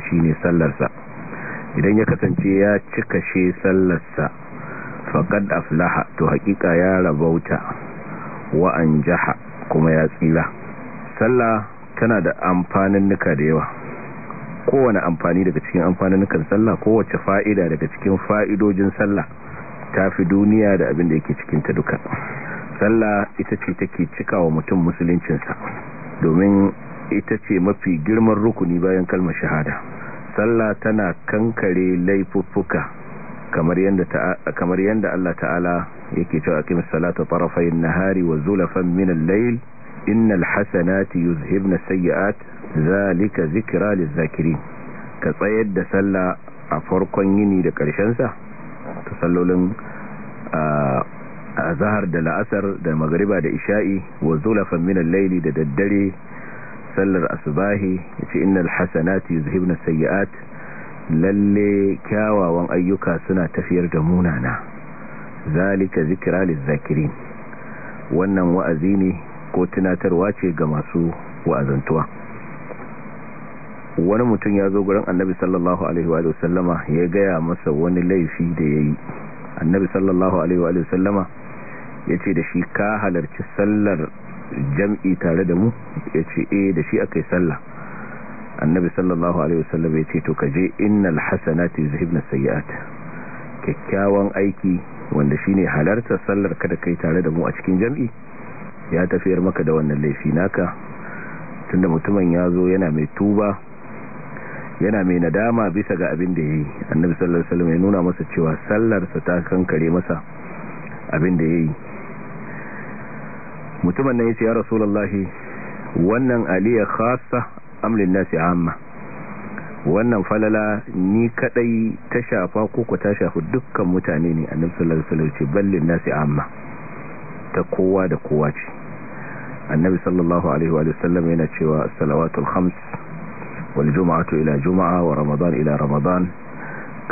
shi shine sallarsa idan ya kasance ya cika she sallarsa a aflaha to haƙiƙa ya rabauta wa jaha kuma ya tsira sallah tana da amfanin nuka da yawa kowane amfani daga cikin amfanin nukan sallah kowace fa'ida daga cikin fa'idojin sallah fi duniya da abin da yake cikin ta duka sallah ita ce take cika wa mutum musuluncinsa domin ita ce mafi girman rukuni bayan kalmar shahada sallah tana kankare laifuffuka kamar yadda kamar Allah ta'ala yake cewa aqimis salatu tarafay an-nahari wa zulafan min al-layl innal hasanati yuzhibna as zalika zikra liz-zakirin ka tsayar da sallah a farkon yini da karshen sa ta azhar da la'asar da magriba da isha'i wa zulafan min al-layli da daddare sallar asubahi yace innal hasanati na sayyi'at lalle kyawawan ayyuka suna tafiyar da munana zalika zikira lizakirin wannan wa'azi ne ko tunatarwa ce ga masu wa'azantuwa wani mutum ya zo gurin annabi sallallahu alaihi wa sallama ya gaya masa wani laifi da ya yi annabi sallallahu alaihi wa sallama ya ce da shi ka halarci sallar jam'i tare da mu ya ce eh da shi aka yi sallah annabi sallallahu alaihi wasallam ya ce to kaje innal hasanati yuzhibna sayyi'at kyakkyawan aiki wanda shine halarta sallar kada kai tare da mu a cikin jam'i ya tafiyar maka da wannan laifi naka tunda mutumin ya zo yana mai tuba yana mai nadama bisa ga abin da ya yi annabi sallallahu alaihi wasallam ya nuna masa cewa sallarsa ta kankare masa abin da ya yi mutumin nan ce ya rasulallahi wannan aliya khasa amlin nasi amma wannan falala ni kadai ta shafa koko ta shafi dukkan mutane ne annabi sallallahu alaihi ce ballin nasi amma ta kowa da kowa ce annabi sallallahu alaihi wa sallam yana cewa salawatul khams wal jum'atu ila juma'a wa ramadan ila ramadan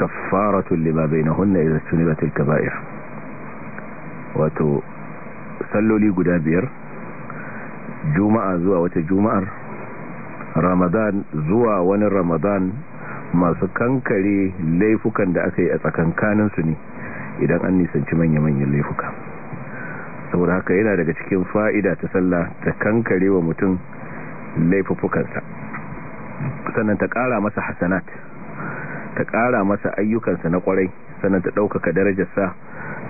kaffaratu lima bainahunna idza sunibat al kaba'ir wato salloli guda biyar juma'a zuwa wata juma'ar ramadan zuwa wani ramadan masu kankare laifukan da aka yi a su ne idan an nisanci manya-manyan laifuka saboda haka yana daga cikin fa'ida ta salla ta kankare wa mutum laifukansa sannan ta ƙara masa hasanat ta ƙara masa ayyukansa na ƙwarai sannan ta ɗaukaka darajarsa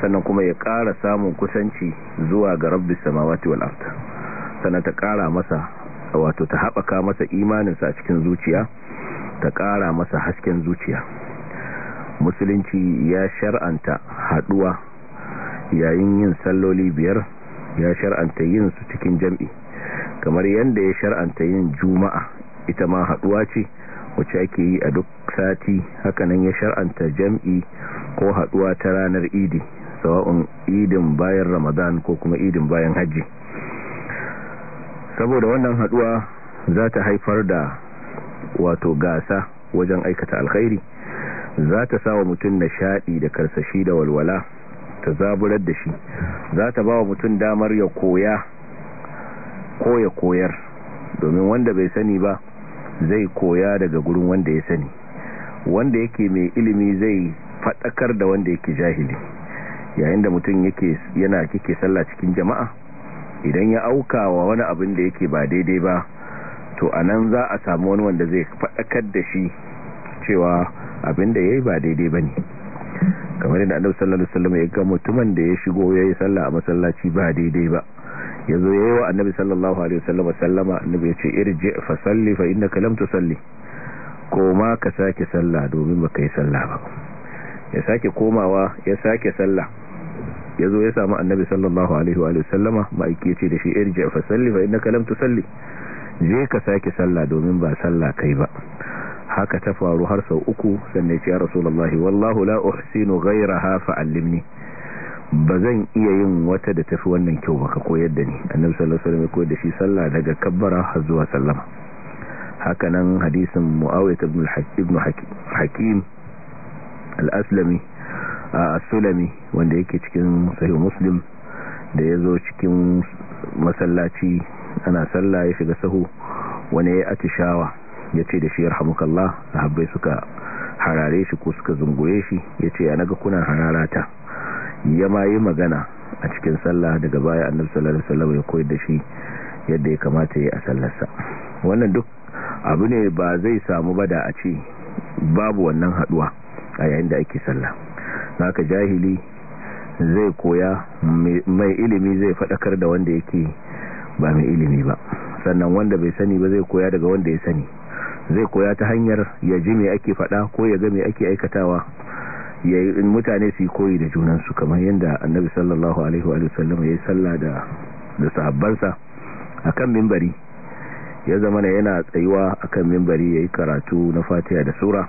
sannan kuma ya ƙara samun kusanci zuwa ga rabbi samawati wal ard sannan ta ƙara masa wato ta haɓaka masa imaninsa a cikin zuciya ta ƙara masa hasken zuciya musulunci ya shar'anta haɗuwa yayin yin salloli biyar ya shar'anta yin su cikin jam'i kamar yadda ya shar'anta yin juma'a ita ma haɗuwa ce wacce ake yi a duk sati hakanan ya shar'anta jam'i ko haɗuwa ta ranar idi sawa'un idin bayan ramadan ko kuma idin bayan hajji saboda wannan haduwa za ta haifar da wato gasa wajen aikata alkhairi za ta sawa mutum nishaɗi da karsashi da walwala ta zaburar da shi za ta ba wa mutum damar ya koya ko ya koyar domin wanda bai sani ba zai koya daga gurin wanda ya sani wanda yake mai ilimi zai faɗakar da wanda yake jahili yayin da mutum yake yana kike sallah cikin jama'a idan ya auka wa wani abin da yake ba daidai ba to anan za a samu wani wanda zai faɗakar da shi cewa abin da yayi ba daidai ba ne kamar yadda Annabi sallallahu alaihi wasallam ya ga mutumin da ya shigo yayi sallah a masallaci ba daidai ba yazo yayi wa Annabi sallallahu alaihi wasallam sallama Annabi ya ce irji fa salli fa innaka lam tusalli koma ka sake sallah domin baka yi sallah ba ya sake komawa ya sake sallah ya zo ya samu annabi sallallahu alaihi wa sallama ma'aiki ya ce da shi irji fa salli fa innaka lam tusalli je ka sake sallah domin ba sallah kai ba haka ta faru har sau uku sannan ya ce ya rasulullahi wallahu la uhsinu ghayraha fa allimni ba zan iya yin wata da tafi wannan kyau ba ka koyar da ni annabi sallallahu alaihi ya koyar da shi sallah daga kabbara har zuwa sallama hakanan hadisin muawiyah ibn al ibn hakim al-aslami sulami wanda yake cikin sahih muslim da ya zo cikin masallaci ana sallah ya shiga sahu wani ya atishawa ya ce da shi yarhamukallah habbai suka harare shi ko suka zungure shi ya ce ya naga kuna ta ya ma yi magana a cikin sallah daga baya annabi sallallahu alaihi ya koyar da shi yadda ya kamata ya yi a sallarsa wannan duk abu ne ba zai samu bada a ce babu wannan haduwa a yayin da ake sallah haka jahili zai koya mai ilimi zai faɗakar da wanda yake ba mai ilimi ba sannan wanda bai sani ba zai koya daga wanda ya sani zai koya ta hanyar ya ji mai ake faɗa ko ya ga mai ake aikatawa ya yi mutane su yi koyi da junansu kamar yadda annabi sallallahu alaihi wa sallam ya yi sallah da da sahabbansa kan mimbari ya zama yana tsayuwa kan mimbari ya yi karatu na fatiha da sura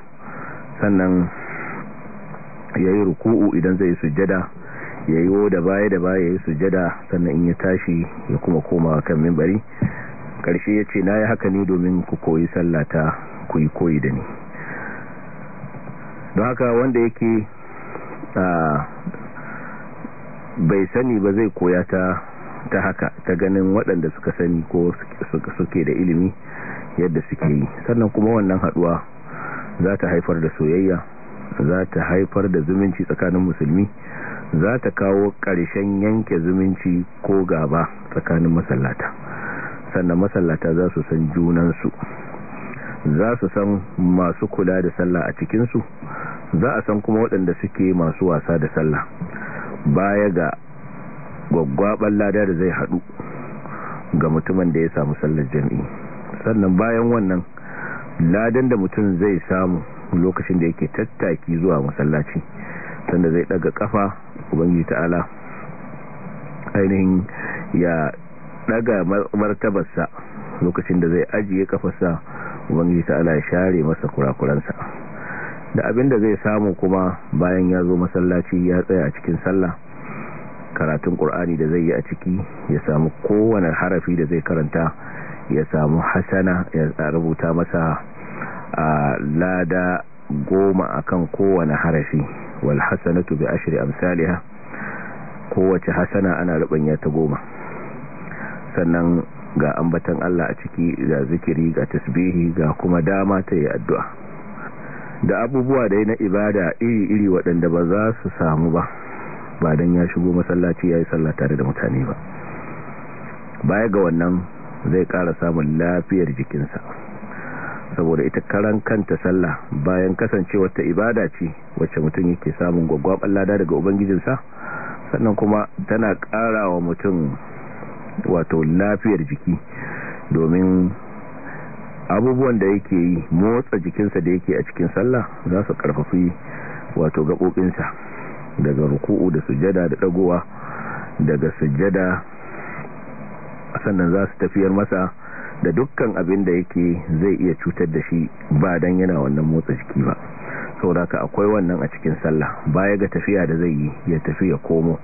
sannan ya yi ruku'u idan zai sujada ya yi da baya da baya ya sujada sannan in ya tashi ya kuma koma kan mimbari karshe ya ce na yi haka ne domin ku koyi sallata ku yi koyi da ni don haka wanda yake bai sani ba zai koya ta ta haka ta ganin waɗanda suka sani ko suke da ilimi yadda suke yi sannan kuma wannan haduwa za ta haifar da soyayya za ta haifar da zumunci tsakanin musulmi za ta kawo ƙarshen yanke zumunci ko gaba tsakanin masallata sannan masallata za su san junansu za su san masu kula da sallah a cikinsu za a san kuma waɗanda suke masu wasa da sallah baya ga gwaggwaɓar lada da zai haɗu ga mutumin da ya samu sallar jami'i sannan bayan wannan ladan da mutum zai samu lokacin da yake tattaki zuwa masallaci sanda zai daga kafa ubangiji ta'ala ainihin ya daga martabarsa lokacin da zai ajiye kafarsa ubangiji ta'ala ya share masa kurakuransa da abin da zai samu kuma bayan ya zo masallaci ya tsaya a cikin sallah karatun qur'ani da zai yi a ciki ya samu kowane harafi da zai karanta ya samu hasana ya rubuta masa A lada goma akan kowane harafi wal hasanatu bi ashri amsalha kowace hasana ana rubanya ta goma sannan ga ambatan Allah a ciki ga zikiri ga tasbihi ga kuma dama ta yi addu'a da abubuwa dai na ibada iri-iri waɗanda ba za su samu ba ba dan ya shigo masallaci ya yi sallah tare da mutane ba baya ga wannan zai ƙara samun lafiyar jikinsa saboda ita karan kanta sallah bayan kasancewar ta ibada ce wacce mutum yake samun gwaggwaban lada daga ubangijinsa sannan kuma tana ƙara wa mutum wato lafiyar jiki domin abubuwan da yake yi motsa jikinsa da yake a cikin sallah za su karfafi wato gaɓoɓinsa daga ruku'u da sujada da ɗagowa daga sujada sannan za su tafiyar masa da dukkan abin da yake zai iya cutar da shi ba dan yana wannan motsa jiki ba sauraka akwai wannan a cikin sallah baya ga tafiya da zai yi ya tafi ya komo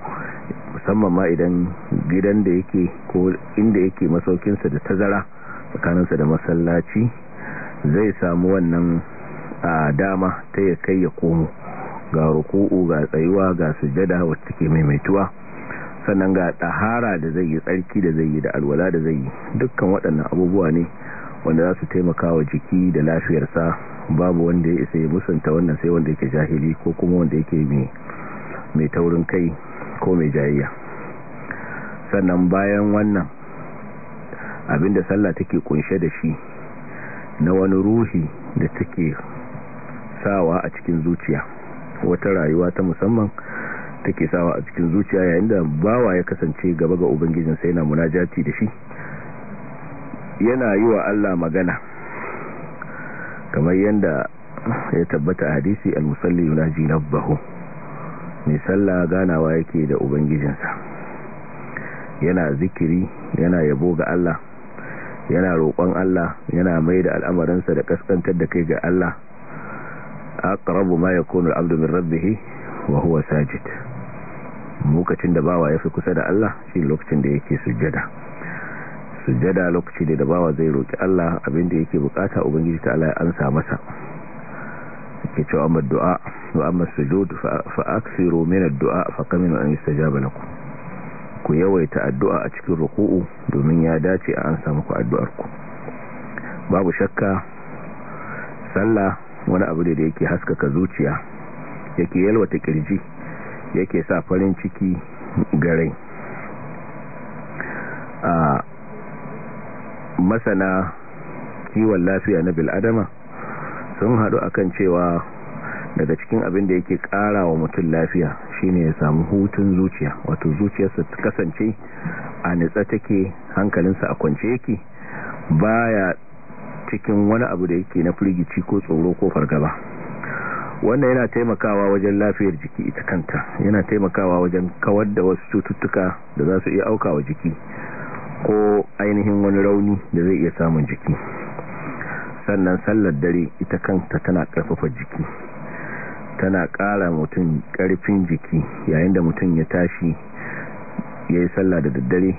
musamman ma idan gidan da yake ko inda yake masaukinsa da tazara tsakaninsa da masallaci zai samu wannan a dama ta ya kai ya komo ga ruku'u ga tsayuwa ga sujada wacce ke maimaituwa sannan ga tahara da zai yi tsarki da zai yi da alwala da zai yi dukkan waɗannan abubuwa ne wanda za su taimaka wa jiki da lafiyarsa babu wanda ya isa ya musanta wannan sai wanda yake jahili ko kuma wanda yake mai taurin kai ko mai jayayya sannan bayan wannan abinda sallah take kunshe da shi na wani ruhi da take sawa a cikin zuciya wata rayuwa ta musamman take sawa a cikin zuciya yayin da bawa ya kasance gaba ga ubangijinsa yana munajati da shi yana yi wa Allah magana kamar yadda ya tabbata hadisi al-musalli yunaji rabbahu mai sallah ganawa yake da ubangijinsa yana zikiri yana yabo ga Allah yana roƙon Allah yana mai da sa da kaskantar da kai ga Allah aqrabu ma yakunu al-abdu min rabbihi wa huwa sajid lokacin da bawa yafi kusa da Allah shi lokacin da yake sujjada sujjada lokaci da bawa zai roki Allah abinda yake bukata ubangiji ta Allah ya ansa masa yake cewa amma du'a wa amma sujud fa aksiru min ad-du'a fa kaminu an yastajaba lakum ku yawaita addu'a a cikin ruku'u domin ya dace a ansa muku addu'ar ku babu shakka sallah wani abu ne da yake haskaka zuciya yake yalwata kirji yake sa farin ciki gare a masana kiwon lafiya na bil'adama sun haɗu kan cewa daga cikin abin da yake kara wa mutum lafiya shine ya samu hutun zuciya wato zuciyarsa ta kasance a nitsa take hankalinsa a kwance yake baya cikin wani abu da yake na firgici ko tsoro ko fargaba wannan yana taimakawa wajen lafiyar jiki ita kanta yana taimakawa wajen kawar da wasu cututtuka da za su iya auka wa jiki ko ainihin wani rauni da zai iya samun jiki sannan sallar dare ita kanta tana karfafa jiki tana ƙara mutum karfin jiki yayin da mutum ya tashi ya yi sallah da daddare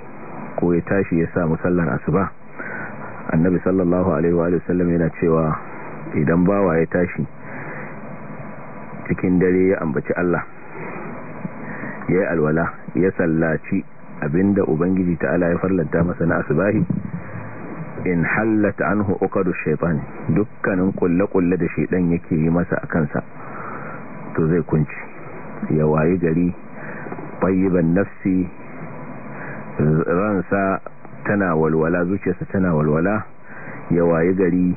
ko ya tashi ya samu sallar asuba annabi sallallahu alaihi wa sallam yana cewa idan bawa ya tashi cikin dare ya ambaci Allah ya yi alwala ya sallaci abinda ubangiji ta ala ya farlanta masa na asbahi in hallata anhu uqadu shaifan dukkanin kulle-kulle da shaidan yake yi masa a kansa to zai kunci ya wayi gari ban nafsi ransa tana walwala zuciyarsa tana walwala ya wayi gari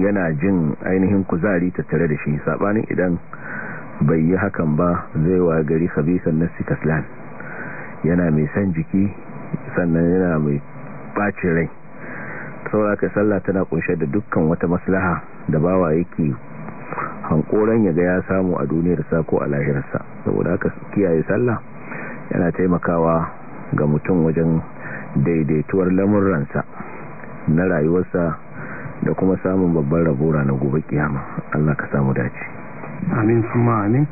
yana jin ainihin kuzari tattare da shi sabanin idan bai yi hakan ba zai wa gari khabisan nafsi kaslan yana mai san jiki sannan yana mai bacin rai sauraka sallah tana kunshe da dukkan wata maslaha da bawa yake hankoran yaga ya samu a duniyarsa ko a lahirarsa saboda haka kiyaye sallah yana taimakawa ga mutum wajen daidaituwar lamuransa na rayuwarsa da kuma samun babban rabo na gobe kiyama Allah ka samu dace amin kuma amin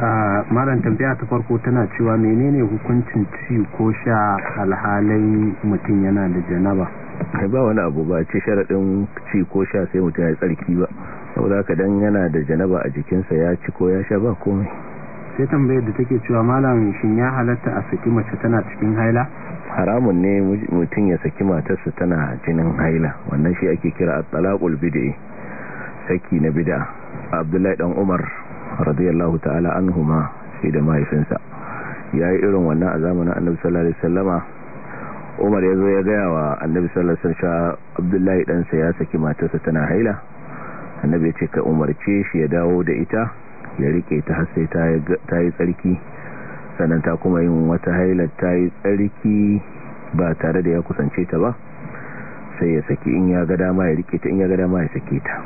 ah, maran tambaya ta farko tana cewa menene hukuncin ci ko sha alhalin mutum yana da janaba kai ba wani abu ba ce sharaɗin ci ko sha sai mutum ya tsarki ba saboda ka dan yana da janaba a jikinsa ya ci ko ya sha ba komai sai tambayar da take cewa malamin shin ya halatta a saki mace tana cikin haila haramun ne mutum ya saki matarsa tana jinin haila wannan shi ake kira at-talaqul bid'i saki na bid'a Abdullahi dan Umar radiyallahu ta'ala anhuma shi da mahaifinsa yayi irin wannan a zamanin Annabi sallallahu alaihi wasallama Umar yazo ya gaya wa Annabi sallallahu alaihi Abdullahi dan sa ya saki matarsa tana haila Annabi ya ce ka umarce shi ya dawo da ita ya rike ta har sai ta yi tsarki sannan ta kuma yin wata hailar ta yi tsarki ba tare da ya kusance ta ba sai ya saki in ya ga dama ya rike ta in ya ga dama ya sake ta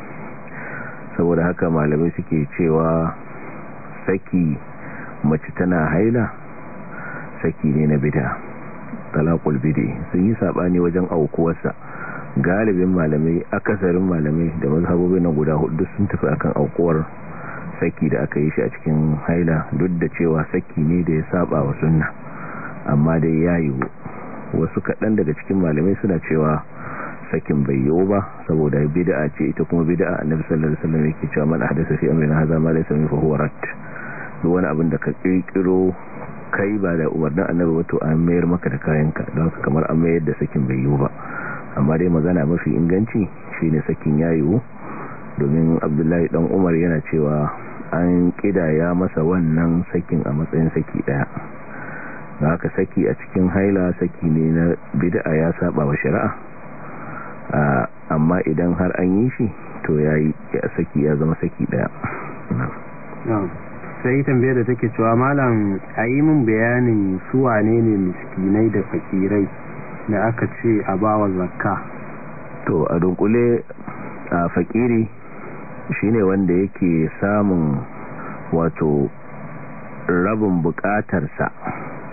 saboda haka malamai suke cewa saki mace tana haila saki ne na bida talakul bide sun yi sabani wajen aukuwarsa galibin malamai akasarin malamai da mazhabobi na guda hudu sun tafi akan aukuwar saki da aka yi shi a cikin haila duk da cewa saki ne da ya saba wa sunna amma dai ya yiwu wasu kaɗan daga cikin malamai suna cewa sakin bai yiwu ba saboda bid'a ce ita kuma bid'a annabi sallallahu alaihi wasallam yake cewa man ahdatha fi amrina hadha ma laysa minhu huwa rat duk wani abin da ka kirkiro kai ba da umarnin annabi wato an mayar maka da kayanka don haka kamar an mayar da sakin bai yiwu ba amma dai magana mafi inganci shine sakin ya yiwu domin abdullahi dan umar yana cewa an kidaya masa wannan sakin a matsayin saki daya da haka saki a cikin haila saki ne na bid'a ya saba wa shari'a amma idan har an yi shi to ya saki ya zama saki daya sai tambayar da take cewa malam a yi min bayanin su wanene ne miskinai da fakirai da aka ce a bawa zakka to a dunkule a fakiri shi ne wanda yake samun wato rabin bukatarsa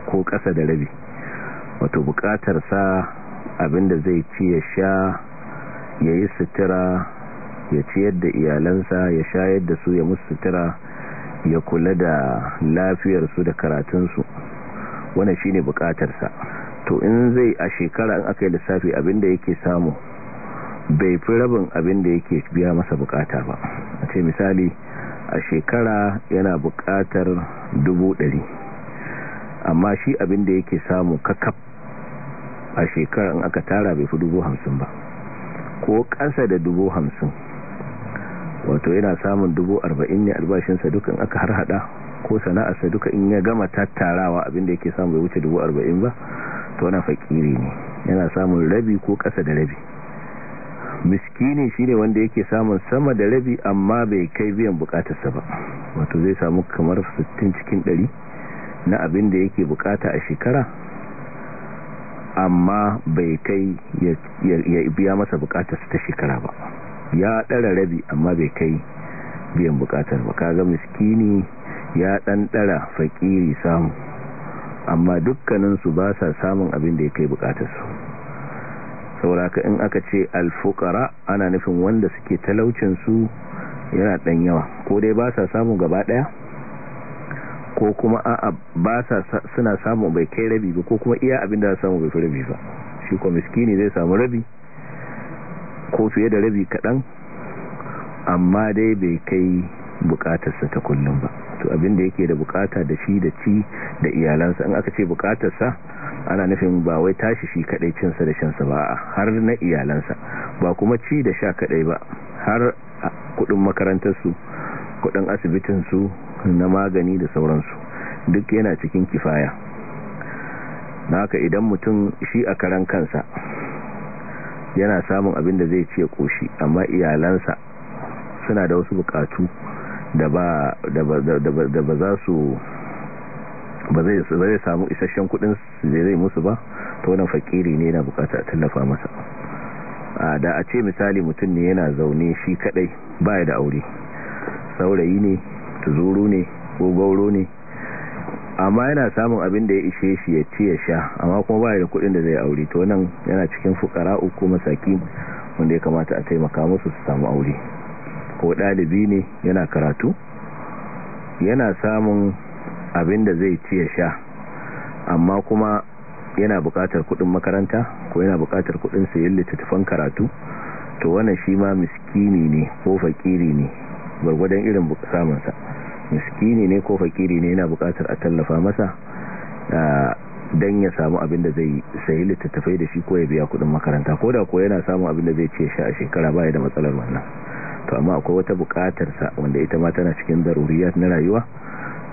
ko ƙasa da rabi wato bukatarsa abinda zai ci ya sha ya yi sutura ya ciyar da iyalansa ya shayar da su ya musu sutura ya kula da lafiyarsu da karatunsu shi ne bukatarsa to in zai a shekara in aka yi lissafi abinda yake samu bai fi rabin abin da yake biya masa bukata ba a ce misali a shekara yana bukatar dubu dari amma shi abin da yake samu kakaf a shekara in aka tara bai fi dubu hamsin ba ko ƙasa da dubu hamsin wato yana samun dubu arba'in ne albashinsa dukkan aka har hada ko sana'arsa duka in ya gama tattarawa abin da yake samu bai wuce dubu arba'in ba to wani fakiri ne yana samun rabi ko kasa da rabi miskini shine wanda yake samun sama da rabi amma bai kai biyan bukatarsa ba wato zai samu kamar 60 cikin 100 na abin da yake bukata a shekara amma bai kai ya biya masa bukatarsa ta shekara ba ya dara rabi amma bai kai biyan bukatar ba kaga miskini ya dan dara fakiri samu amma dukkaninsu ba sa samun abin da ya kai bukatarsu sauraka in aka ce alfukara ana nufin wanda suke talaucinsu yana ɗan yawa ko dai ba sa samu gaba ɗaya ko kuma a'a ba sa suna samu bai kai rabi ba ko kuma iya abin da samu bai fi rabi ba shi ko miskini zai samu rabi ko fiye da rabi kaɗan amma dai bai kai bukatarsa ta kullum ba musu abin da yake da bukata da shi da ci da iyalansa in aka ce bukatarsa ana nufin ba wai tashi shi kadai cinsa da shansa ba har na iyalansa ba kuma ci da sha kadai ba har kudin makarantarsu kudin asibitinsu na magani da sauransu duk yana cikin kifaya na haka idan mutum shi a karan kansa yana samun abin da zai ce koshi amma iyalansa suna da wasu bukatu da ba za su ba zai samu isasshen kudin da zai musu ba to wannan fakiri ne na bukata tallafa masa a da a ce misali mutum ne yana zaune shi kadai baya da aure saurayi ne tuzuru ne ko gauro ne amma yana samun abin da ya ishe shi ya ce ya sha amma kuma baya da kudin da zai aure to nan yana cikin fukara uku masaki wanda ya kamata a taimaka musu su samu aure ko ɗalibi ne yana karatu yana samun abin da zai ci sha amma kuma yana buƙatar kuɗin makaranta ko yana buƙatar kuɗin sayan littattafan karatu to wannan shi ma miskini ne ko fakiri ne gwargwadon irin samunsa miskini ne ko fakiri ne yana buƙatar a tallafa masa don ya samu abin da zai sayi littattafai da shi ko ya biya kuɗin makaranta ko da ko yana samun abin da zai ce sha a shekara baya da matsalar wannan to amma akwai wata buƙatar sa wanda ita ma tana cikin zaruriyar na rayuwa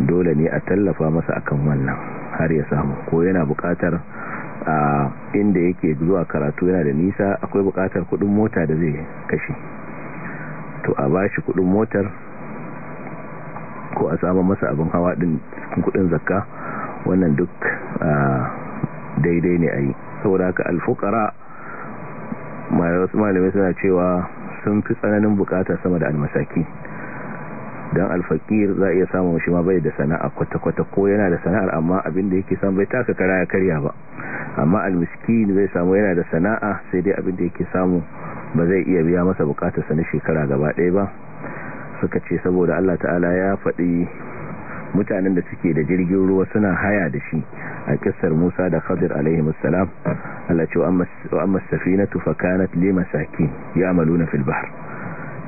dole ne a tallafa masa akan wannan har ya samu ko yana buƙatar a inda yake zuwa karatu yana da nisa akwai buƙatar kuɗin mota da zai kashe to a bashi kuɗin motar ko a samu masa abin hawa din kuɗin zakka wannan duk daidai ne a yi saboda haka alfukara wasu malamai suna cewa sun fi tsananin bukata sama da almasaki don alfakir za a iya samun shi ma bai da sana'a kwata-kwata ko yana da sana'ar amma abin da yake samu bai taka kara ya karya ba amma almiskin zai samu yana da sana'a sai dai abin da yake samu ba zai iya biya masa bukatarsa na shekara gaba ɗaya ba suka ce saboda Allah ta'ala ya faɗi mutanen da suke da jirgin ruwa suna haya da shi a kissar Musa da Khadir alaihi assalam Allah ce wa amma safinatu fa kanat li masakin ya'maluna fil bahr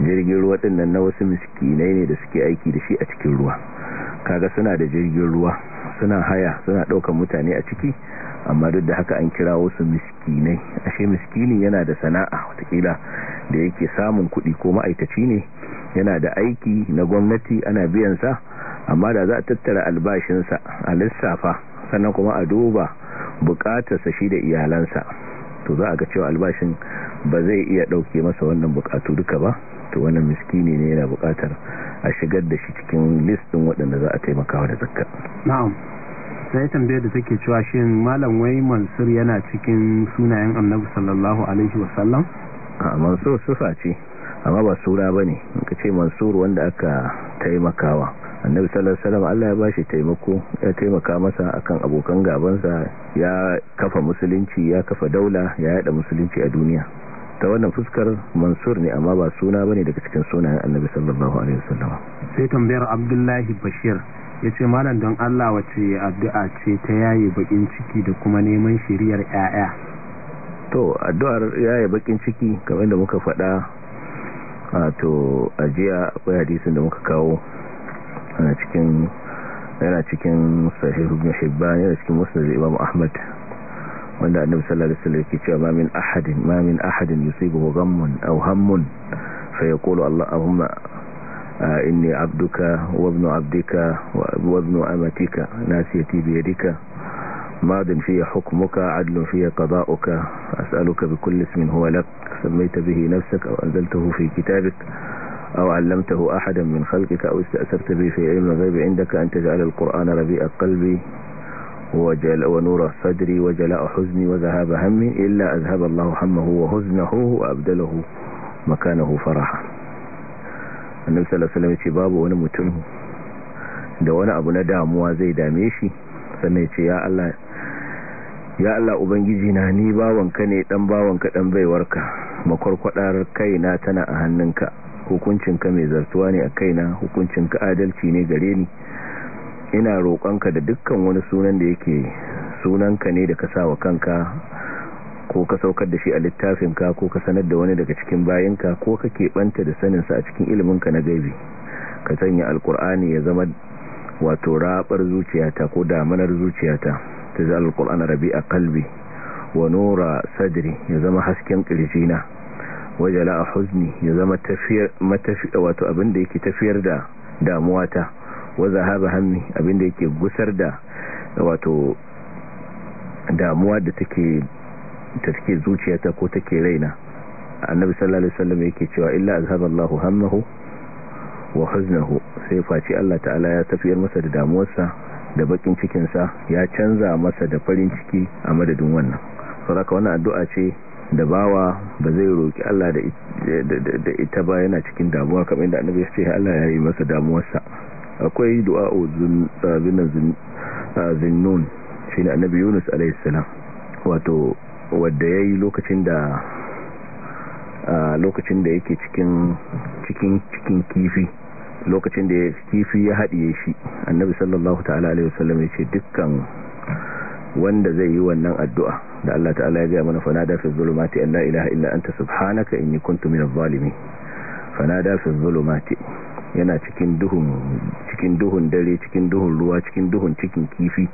jirgin ruwa din nan na wasu miskinai ne da suke aiki da shi a cikin ruwa kaga suna da jirgin ruwa suna haya suna ɗaukar mutane a ciki amma duk da haka an kira wasu miskinai ashe miskini yana da sana'a watakila da yake samun kuɗi ko ma'aikaci ne yana da aiki na gwamnati ana biyan sa. amma da za a tattara albashinsa a lissafa sannan kuma a duba bukatarsa shi da iyalansa to za a ga cewa albashin ba zai iya ɗauke masa wannan bukatu duka ba to wannan miskini ne yana bukatar a shigar da shi cikin listin waɗanda za a taimakawa da zakka na'am sai tambayar da take cewa shin malam wai mansur yana cikin sunayen annabi sallallahu alaihi wasallam a mansur sufa ce amma ba sura bane ka ce mansur wanda aka taimakawa annabi sallallahu alaihi wasallam Allah ya bashi taimako ya taimaka masa akan abokan gabansa ya kafa musulunci ya kafa daula ya yada musulunci a duniya ta wannan fuskar mansur ne amma ba suna bane daga cikin sunayen annabi sallallahu alaihi wasallam sai tambayar abdullahi bashir ce malam don Allah wace addu'a ce ta yayi bakin ciki da kuma neman shiriyar 'ya'ya. to addu'ar yayi bakin ciki kamar da muka faɗa a to ajiya akwai hadisin da muka kawo yana cikin yana cikin sahih ibn hibban yana cikin musnad imam ahmad wanda annabi sallallahu alaihi wasallam yake cewa ma min ahadin ma min ahadin yusibuhu ghammun aw hammun fayaqulu allahumma inni abduka wa ibnu abdika wa ibnu amatika nasiyati bi yadika ماض في حكمك عدل في قضاؤك أسألك بكل اسم هو لك سميت به نفسك أو أنزلته في كتابك أو علمته أحدا من خلقك أو استأثرت به في علم الغيب عندك أن تجعل القرآن ربيع قلبي وجل ونور صدري وجلاء حزني وذهاب همي إلا أذهب الله همه وحزنه وأبدله مكانه فرحا annabi sallallahu alaihi wasallam ce babu wani mutum da wani abu na damuwa zai dame shi sannan ya ce ya Allah ya Allah ubangiji na ni bawanka ne dan bawanka dan baiwarka makwarkwadar kaina tana a hannunka hukuncinka mai zartuwa ne a kaina hukuncinka adalci ne gare ni ina roƙonka da dukkan wani sunan da yake sunanka ne da ka sa wa kanka ko ka saukar da shi a littafinka ko ka sanar da wani daga cikin bayinka ko ka keɓanta da saninsa a cikin iliminka na gaibi ka sanya alkur'ani ya zama wato raɓar zuciyata ko damanar zuciyata ta zai alkur'an rabi a kalbi wa nura sadri ya zama hasken ƙirjina wajala a huzni ya zama wato abinda yake tafiyar da damuwa ta waza haɓa hammi abinda yake gusar da wato damuwa da take zuciyata ko take raina annabi sallallahu alaihi wasallam yake cewa illa azhaballahu hammahu wa huznahu sai faci Allah ta'ala ya tafiyar masa da damuwarsa da bakin cikinsa ya canza masa da farin ciki a madadin wannan saboda wannan addu'a ce da bawa ba zai roƙi Allah da ita ba yana cikin damuwa kamar yadda annabi ya ce Allah ya yi masa damuwarsa akwai du'a zun zinnun ne annabi Yunus alaihi salam wato wanda yayi lokacin da lokacin da yake cikin cikin cikin kifi lokacin da kifi ya haɗiye shi annabi sallallahu ta'ala alaihi wasallam ya ce dukkan wanda zai yi wannan addu'a da Allah ta'ala ya gaya mana fanada fi zulumati an la ilaha illa anta subhanaka inni kuntu minaz fa fanada fi zulumati yana cikin duhun dare cikin duhun ruwa cikin duhun cikin kifi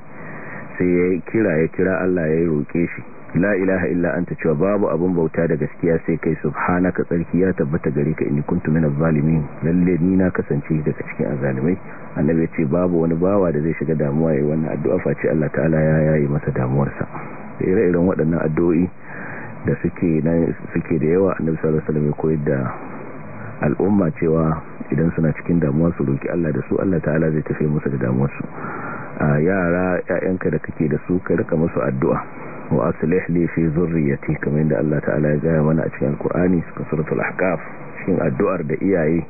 sai ya kira ya kira Allah ya roke shi la ilaha illa anta cewa babu abun bauta da gaskiya sai kai subhanaka tsarki ya tabbata gare ka inni kuntu minaz zalimin lalle ni na kasance daga cikin azalimai annabi ya ce babu wani bawa da zai shiga damuwa yayin wannan addu'a face Allah ta'ala ya yayi masa damuwarsa ire-iren waɗannan addu'o'i da suke suke da yawa annabi sallallahu alaihi wasallam ya koyar da al'umma cewa idan suna cikin damuwa su roki Allah da su Allah ta'ala zai tafi musu da damuwarsu ah, yara ƴaƴanka da kake da su ka rika musu addu'a wa aslih li fi zurriyati kamar da Allah ta'ala ya gaya mana a cikin alkur'ani cikin suratul ahqaf cikin addu'ar da iyaye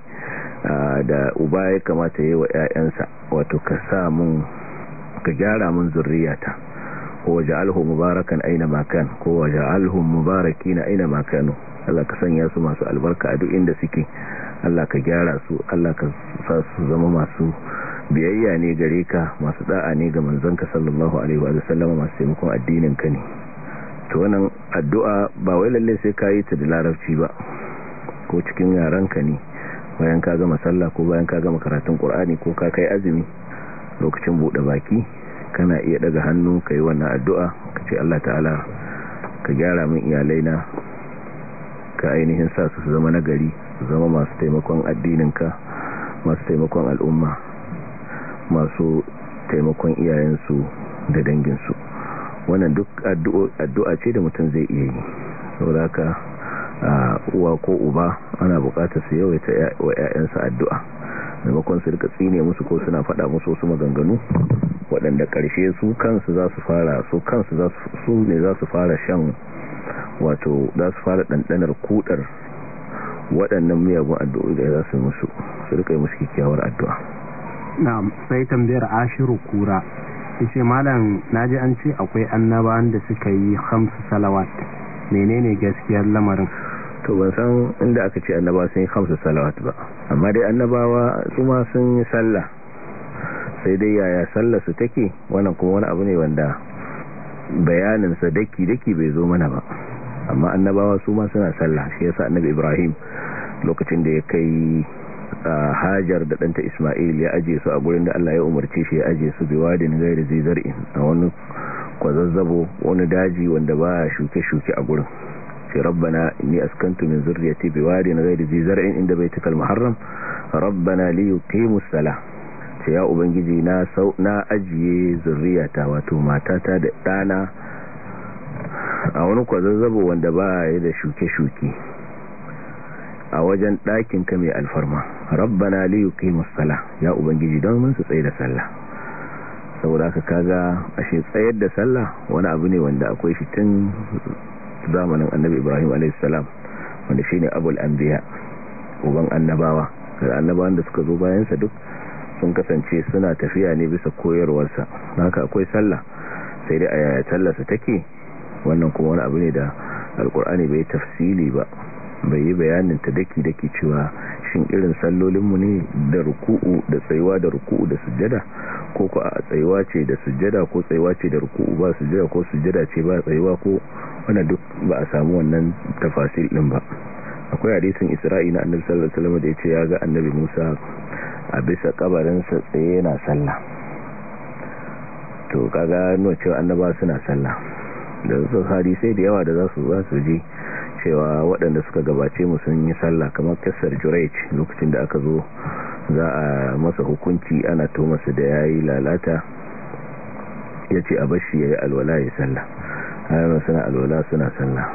da uba ya kamata yi wa ƴaƴansa wato ka sa mun ka gyara mun zurriyata ko ja'alhum mubarakan aina ma kan ko ja'alhum na aina ma Allah ka sanya su masu albarka a duk inda suke Allah ka gyara su Allah ka sa su zama masu biyayya ne gare ka masu da'a ne ga manzanka sallallahu alaihi wa sallama masu taimakon addinin ka ne to wannan addu'a ba wai lalle sai ka yi ta da larabci ba ko cikin yaran ka ne bayan ka gama sallah ko bayan ka gama karatun qur'ani ko ka kai azumi lokacin bude baki kana iya daga hannu kai wannan addu'a ka ce Allah ta'ala ka gyara min iyalaina ka ainihin sa su zama nagari su zama masu taimakon ka masu taimakon al'umma masu taimakon iyayensu da danginsu wannan duk addu'a ce da mutum zai iya yi sauraka uwa ko uba ana bukatar su yawaita wa 'ya'yansa addu'a maimakon su rika tsine musu ko suna faɗa musu wasu maganganu waɗanda ƙarshe su kansu za su fara su kansu su ne za su fara shan wato za su fara ɗanɗanar kuɗar waɗannan miyagun addu'o'i da za su musu su rika yi musu kyakkyawar addu'a na sai tambayar ashiru kura ce malam naji an ce akwai annabawan da suka yi hamsu salawat menene gaskiyar lamarin to ban san inda aka ce annabawa sun yi hamsu salawat ba amma dai annabawa su ma sun yi sallah sai dai yaya sallah su take wannan kuma wani abu ne wanda bayanin sa daki-daki bai zo mana ba amma annabawa su ma suna sallah shi yasa annabi ibrahim lokacin da ya kai hajar da ɗanta ismail ya aje su a gurin da allah ya umarci shi ya aje su biwadin da zizar in a wani kwazazzabo wani daji wanda ba shuke-shuke a gurin ce rabbana inni askantu min zurriyati biwadin ghairi zi in inda baitikal muharram rabbana li yuqimus sala ce ya ubangiji na sau na ajiye zurriyata wato matata da dana a wani kwazazzabo wanda ba ya da shuke-shuke a wajen ɗakin ka mai alfarma rabbana li yuqimus sala ya ubangiji don mun su tsaye da sallah saboda ka kaga ashe tsayar da sallah wani abu ne wanda akwai shi tun zamanin annabi ibrahim alayhi salam wanda shine abul anbiya uban annabawa da annabawan da suka zo bayan sa duk sun kasance suna tafiya ne bisa koyarwarsa haka akwai sallah sai dai a yaya sallarsa take wannan kuma wani abu ne da alkur'ani bai tafsili ba bai yi bayanin ta daki-daki cewa shin irin sallolinmu ne da ruku'u da tsayuwa da ruku'u da sujjada ko ko a tsayuwa ce da sujjada ko tsayuwa ce da ruku'u ba sujjada ko sujjada ce ba tsayuwa ko wannan duk ba a samu wannan tafasil din ba akwai hadisin Isra'i na Annabi sallallahu alaihi wasallam da yace ya ga Annabi Musa a bisa kabarin sa tsaye yana sallah to kaga nuna cewa annaba suna sallah da su sai da yawa da za su za su ji cewa waɗanda suka gabace mu sun yi sallah kamar kasar juraic lokacin da aka zo za a masa hukunci ana to masa da yi lalata ya ce a bashi ya yi alwala ya sallah ayyana suna alwala suna sallah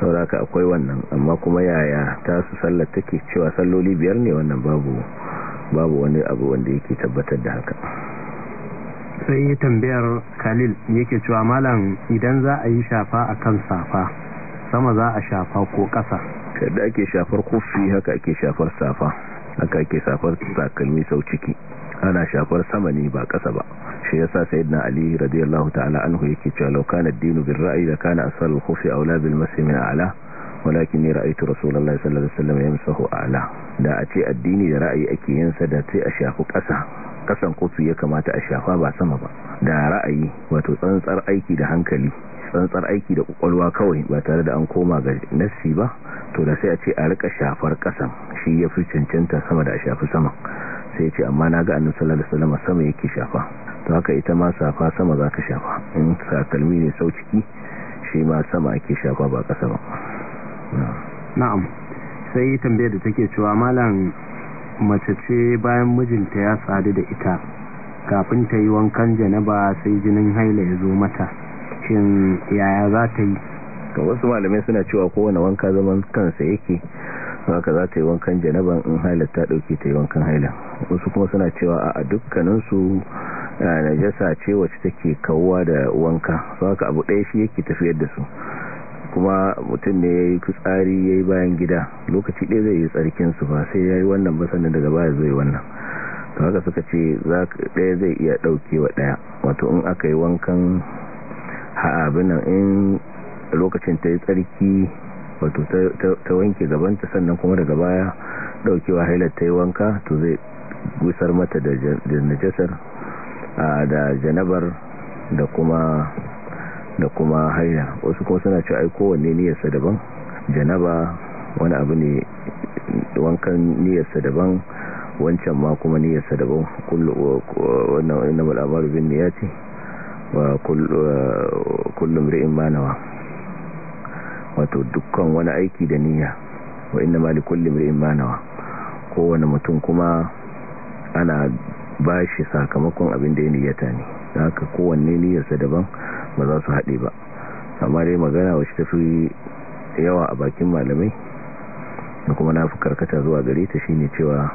sauraka akwai wannan amma kuma yaya ta su sallar take cewa salloli biyar ne wannan babu babu wani abu wanda yake tabbatar da haka sai tambayar khalil yake cewa malam idan za a yi shafa a kan safa sama za a shafa ko ƙasa kada ake shafar kofi haka ake shafar safa haka ake shafar takalmi sau ciki ana shafar sama ne ba ƙasa ba shi yasa sayyidina ali radiyallahu ta'ala anhu yake cewa law kana ad-dinu bil ra'yi la kana asfal al-khufi awla bil masjid a'la walakin ni ra'aytu rasulullahi sallallahu alaihi wasallam yamsahu a'la da a ce addini da ra'ayi ake yin sa da sai a shafi ƙasa kasan kotu ya kamata a shafa ba sama ba da ra'ayi wato tsantsar aiki da hankali tsantsar aiki da kwakwalwa kawai ba tare da an koma ga nassi ba to da sai a ce a rika shafar kasan shi ya fi cancanta sama da a shafi sama sai ce amma na ga annabi salar da salama sama yake shafa to haka ita ma safa sama za ka shafa in sakalmi ne sau ciki shi ma sama ake shafa ba kasa ba na'am sai tambayar da take cewa malam mace ce bayan mijinta ya sadu da ita kafin ta yi wankan janaba sai jinin haila ya zo mata shin yaya za ta yi ga wasu malamai suna cewa kowane wanka zaman kansa yake haka za ta yi wankan janaban in haila ta dauke ta yi wankan haila wasu kuma suna cewa a dukkaninsu eh, najasa ce wacce take kawuwa da wanka sau ka abu ɗaya shi yake tafiyar da su kuma mutum ne ya yi fitsari ya yi bayan gida lokaci ɗaya zai yi tsarkinsu ba sai ya yi wannan ba sannan daga baya zai wannan to haka suka ce ɗaya zai iya ɗauke wa ɗaya wato in aka yi wankan ha'abinan in lokacin ta yi tsarki wato ta wanke gabanta sannan kuma daga baya ɗaukewa hailar ta yi wanka to zai gusar mata da najasar da janabar da kuma da kuma hanya wasu kuma suna cewa ai kowanne niyyarsa daban janaba wani abu ne wankan niyyarsa daban wancan ma kuma niyyarsa daban kullu wannan innamal a'malu binniyati wa kullu imrin ma nawa wato dukkan wani aiki da niyya wa innamal likulli imrin ma nawa kowane mutum kuma ana bashi sakamakon abin da ya niyyata ne da haka kowanne niyyarsa daban ba za su haɗe ba amma dai magana wacce ta fi yawa a bakin malamai da kuma na fi karkata zuwa gare ta shi ne cewa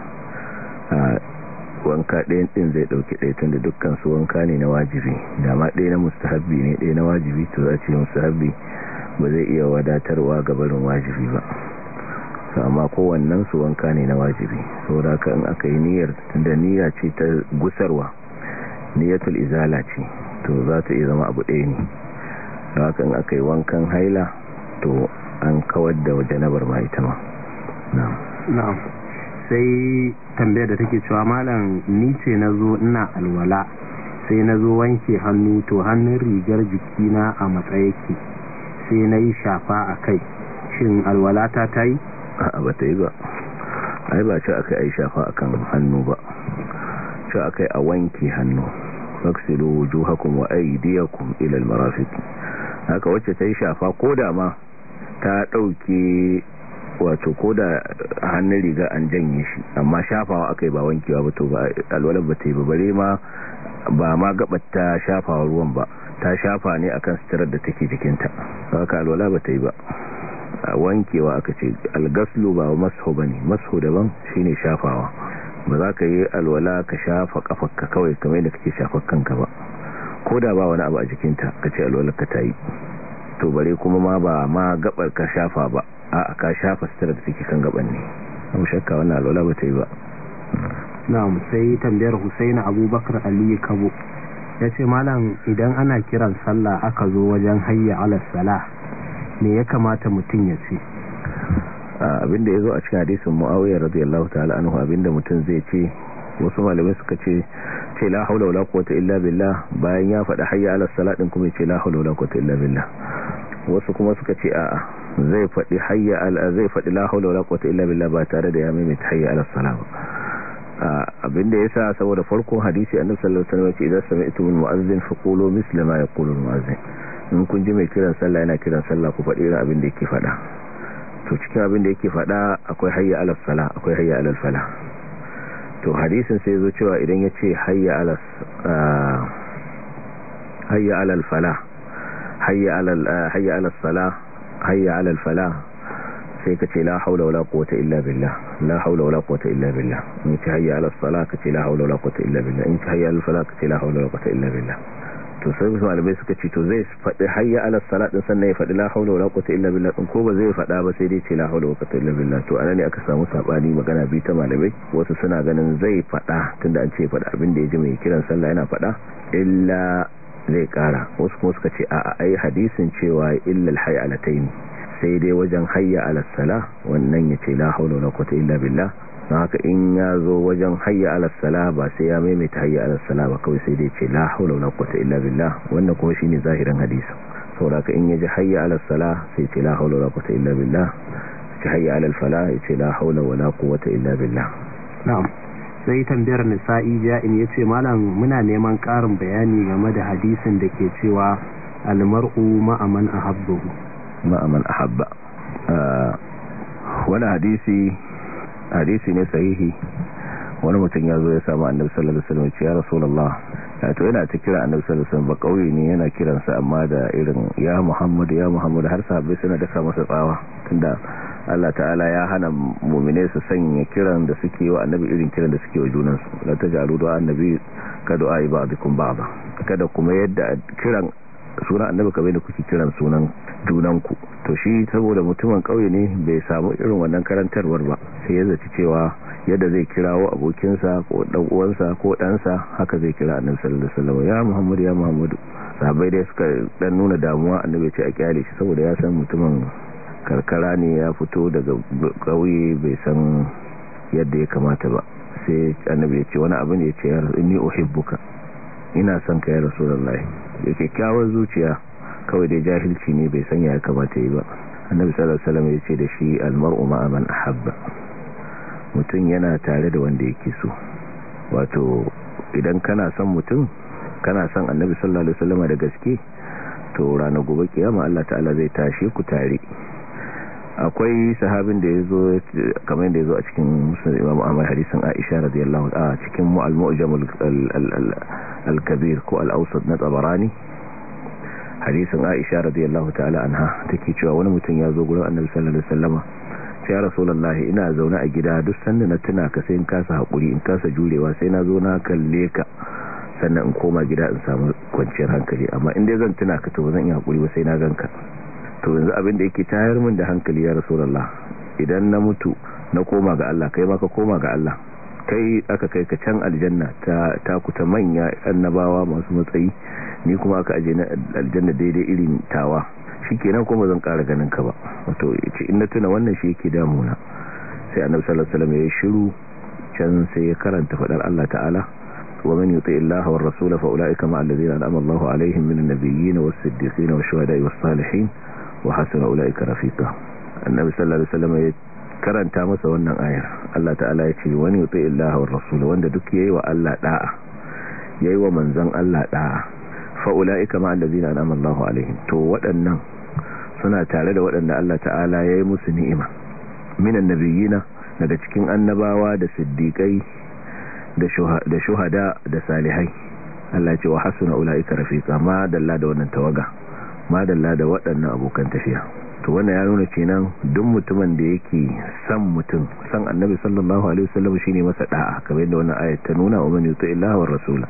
wanka ɗayan ɗin zai ɗauki ɗaya tun da dukkan su wanka ne na wajibi dama ɗaya na mustahabbi ne ɗaya na wajibi to za ce mustahabbi ba zai iya wadatarwa ga barin wajibi ba amma kowannen su wanka ne na wajibi saboda haka in aka yi niyyar da niyya ce ta gusarwa niyatul izala ce to za ta iya zama abu ɗaya ne da haka in aka yi wankan haila to an kawar da na ma ita ma na'am sai tambayar da take cewa malam ni ce na zo ina alwala sai na zo wanke hannu to hannun rigar jikina a matsayake sai na yi shafa a kai shin alwala ta ta yi? a ba ta yi ba ai ba ce aka yi shafa a kan hannu ba a akai a wanke hannu faksilu wujuhakum wa aydiyakum ila almarafiq haka wacce ta yi shafa ko da ma ta dauke wato ko da hannun riga an janye shi amma shafawa akai ba wankewa ba to ba alwalar ba ta yi ba bare ma ba ma gabata shafawa ruwan ba ta shafa ne akan sitirar da take jikinta haka alwala ba ta yi ba wankewa aka ce algaslu ba masu ba ne masu daban shine shafawa ba za ka yi alwala ka shafa kafarka kawai kamar da kake shafar kanka ba ko da ba wani abu a jikinta ka ce alwala ka ta yi to bare kuma ma ba ma gabar ka shafa ba a ka shafa sutura da take kan gaban ne abu shakka wannan alwala ba ta yi ba na'am sai tambayar Husaina Abubakar Ali Kabo ce malam idan ana kiran sallah aka zo wajen hayya ala salah me ya kamata mutum ya ce abinda ya zo a cikin hadisin muawiya radiyallahu ta'ala anhu abinda mutum zai ce wasu malamai suka ce ce la haula wala quwwata illa billah bayan ya faɗa hayya ala salatin kuma ya ce la haula wala quwwata illa billah wasu kuma suka ce a'a zai faɗi hayya ala zai faɗi la haula wala quwwata illa billah ba tare da ya maimaita hayya ala salam abinda yasa saboda farko hadisi annabi sallallahu alaihi wasallam ya ce idan sami'tum al-mu'azzin faqulu misla ma yaqulu al-mu'azzin in kun ji mai kiran sallah yana kiran sallah ku faɗi irin abinda da yake faɗa to cikin abin da yake faɗa akwai hayya alal sala akwai hayya alal fala to hadisin sai zo cewa idan ya ce hayya alal ah, hayya alal fala hayya alal ah, hayya sala hayya alal fala sai ka ce la haula wala quwwata illa billah la haula wala quwwata illa billah in ka hayya alal sala la haula wala quwwata illa billah in ka hayya alal fala kace la haula wala quwwata illa billah to sai wasu malamai suka ce to zai faɗi hayya ala ɗin sannan ya faɗi la haula wala quwwata illa billah ko ba zai faɗa ba sai dai ce la haula wala quwwata illa billah to anan ne aka samu sabani magana bi ta malamai wasu suna ganin zai faɗa tunda an ce faɗa abin da ya ji mai kiran sallah yana faɗa illa zai kara wasu kuma suka ce a ai hadisin cewa illal hayya sai dai wajen hayya ala salah wannan ya ce la haula wala quwwata illa billah don haka in ya zo wajen hayya alasala ba sai ya maimaita hayya alasala ba kawai sai dai ce la haula wala quwwata illa billah wannan kuma shine zahirin sau saboda ka in yaji hayya alasala sai ce la haula wala quwwata illa billah ce hayya alal fala ce la haula wala quwwata illa billah na'am sai tambayar nisa'i ja'in yace malam muna neman karin bayani game da hadisin da ke cewa almar'u ma'aman ahabbu ma'aman ahabba ah, wani hadisi hadisi ne sahihi wani mutum ya zo ya samu annabi sallallahu alaihi wasallam ya rasulullah to yana ta kira annabi sallallahu alaihi wasallam ba kauye ne yana kiransa amma da irin ya muhammad ya muhammad har sahabbai suna daka masa tsawa tunda Allah ta'ala ya hana mu'mine su sanya kiran da suke wa annabi irin kiran da suke wa junan su la jaru da annabi ka du'a ibadikum ba'da kada kuma yadda kiran sunan annabi kamar da kuke kiran sunan junanku to shi saboda mutumin ƙauye ne bai samu irin wannan karantarwar ba sai ya zaci cewa yadda zai kirawo abokinsa ko dan uwansa ko ɗansa haka zai kira annabi sallallahu alaihi wasallam ya muhammadu ya muhammadu sabai dai suka dan nuna damuwa annabi ce a kyale shi saboda ya san mutumin karkara ne ya fito daga ƙauye bai san yadda ya kamata ba sai annabi ya ce wani abu ne ya ce ya inni uhibbuka ina son ka ya rasulullahi ya kyakkyawar zuciya kawai dai jahilci ne bai sanya ya kamata yi ba annabi sallallahu alaihi wasallam ya ce da shi almar'u ma'a man ahabba mutum yana tare da wanda yake so wato idan kana son mutum kana son annabi sallallahu alaihi wasallam da gaske to ranar gobe kiyama Allah ta'ala zai tashe ku tare akwai sahabin da yazo kamar yadda yazo a cikin musnad Imam Ahmad hadisin Aisha radiyallahu anha cikin mu'al mu'jamul al-kabir ko al-awsat na Tabarani hadisin Aisha radiyallahu ta'ala anha take cewa wani mutum ya zo gurin Annabi sallallahu alaihi wasallama sai ya rasulullahi ina zaune a gida duk sanda na tuna ka sai in kasa hakuri in kasa jurewa sai na zo na kalle ka sannan in koma gida in samu kwanciyar hankali amma in dai zan tuna ka to zan yi hakuri ba sai na ganka to yanzu abin da yake tayar min da hankali ya rasulullah idan na mutu na koma ga Allah kai ma ka koma ga Allah kai aka kai ka can aljanna ta takuta manya annabawa masu matsayi ni kuma aka aje na aljanna daidai irin tawa shikenan kuma zan ƙara ganin ka ba wato yace in na tuna wannan shi yake damuna sai annabi sallallahu alaihi wasallam ya shiru can sai ya karanta fadar Allah ta'ala wa man yuti illaha war rasula fa ulaika ma alladhina an'ama Allahu alaihim minan nabiyyin was siddiqin wash shuhada'i was salihin wa hasuna ulaika rafiqa annabi sallallahu alaihi wasallam ya karanta masa wannan ayar Allah ta'ala ya ce wani yuti illaha war rasul wanda duk yayi wa Allah da'a yayi wa manzon Allah da'a fa ulaika ma allazina an'ama Allahu alaihim to waɗannan suna tare da waɗanda Allah ta'ala yayi musu ni'ima minan nabiyina daga cikin annabawa da siddiqai da shuhada da salihai Allah ce wa hasuna ulaika rafiqa ma dalla da wannan tawaga ma dalla da waɗannan abokan tafiya to wannan ya nuna kenan duk mutumin da yake san mutum san annabi sallallahu alaihi wasallam shine masa da'a kamar yadda wannan ayat ta nuna wa man yuti illaha war rasula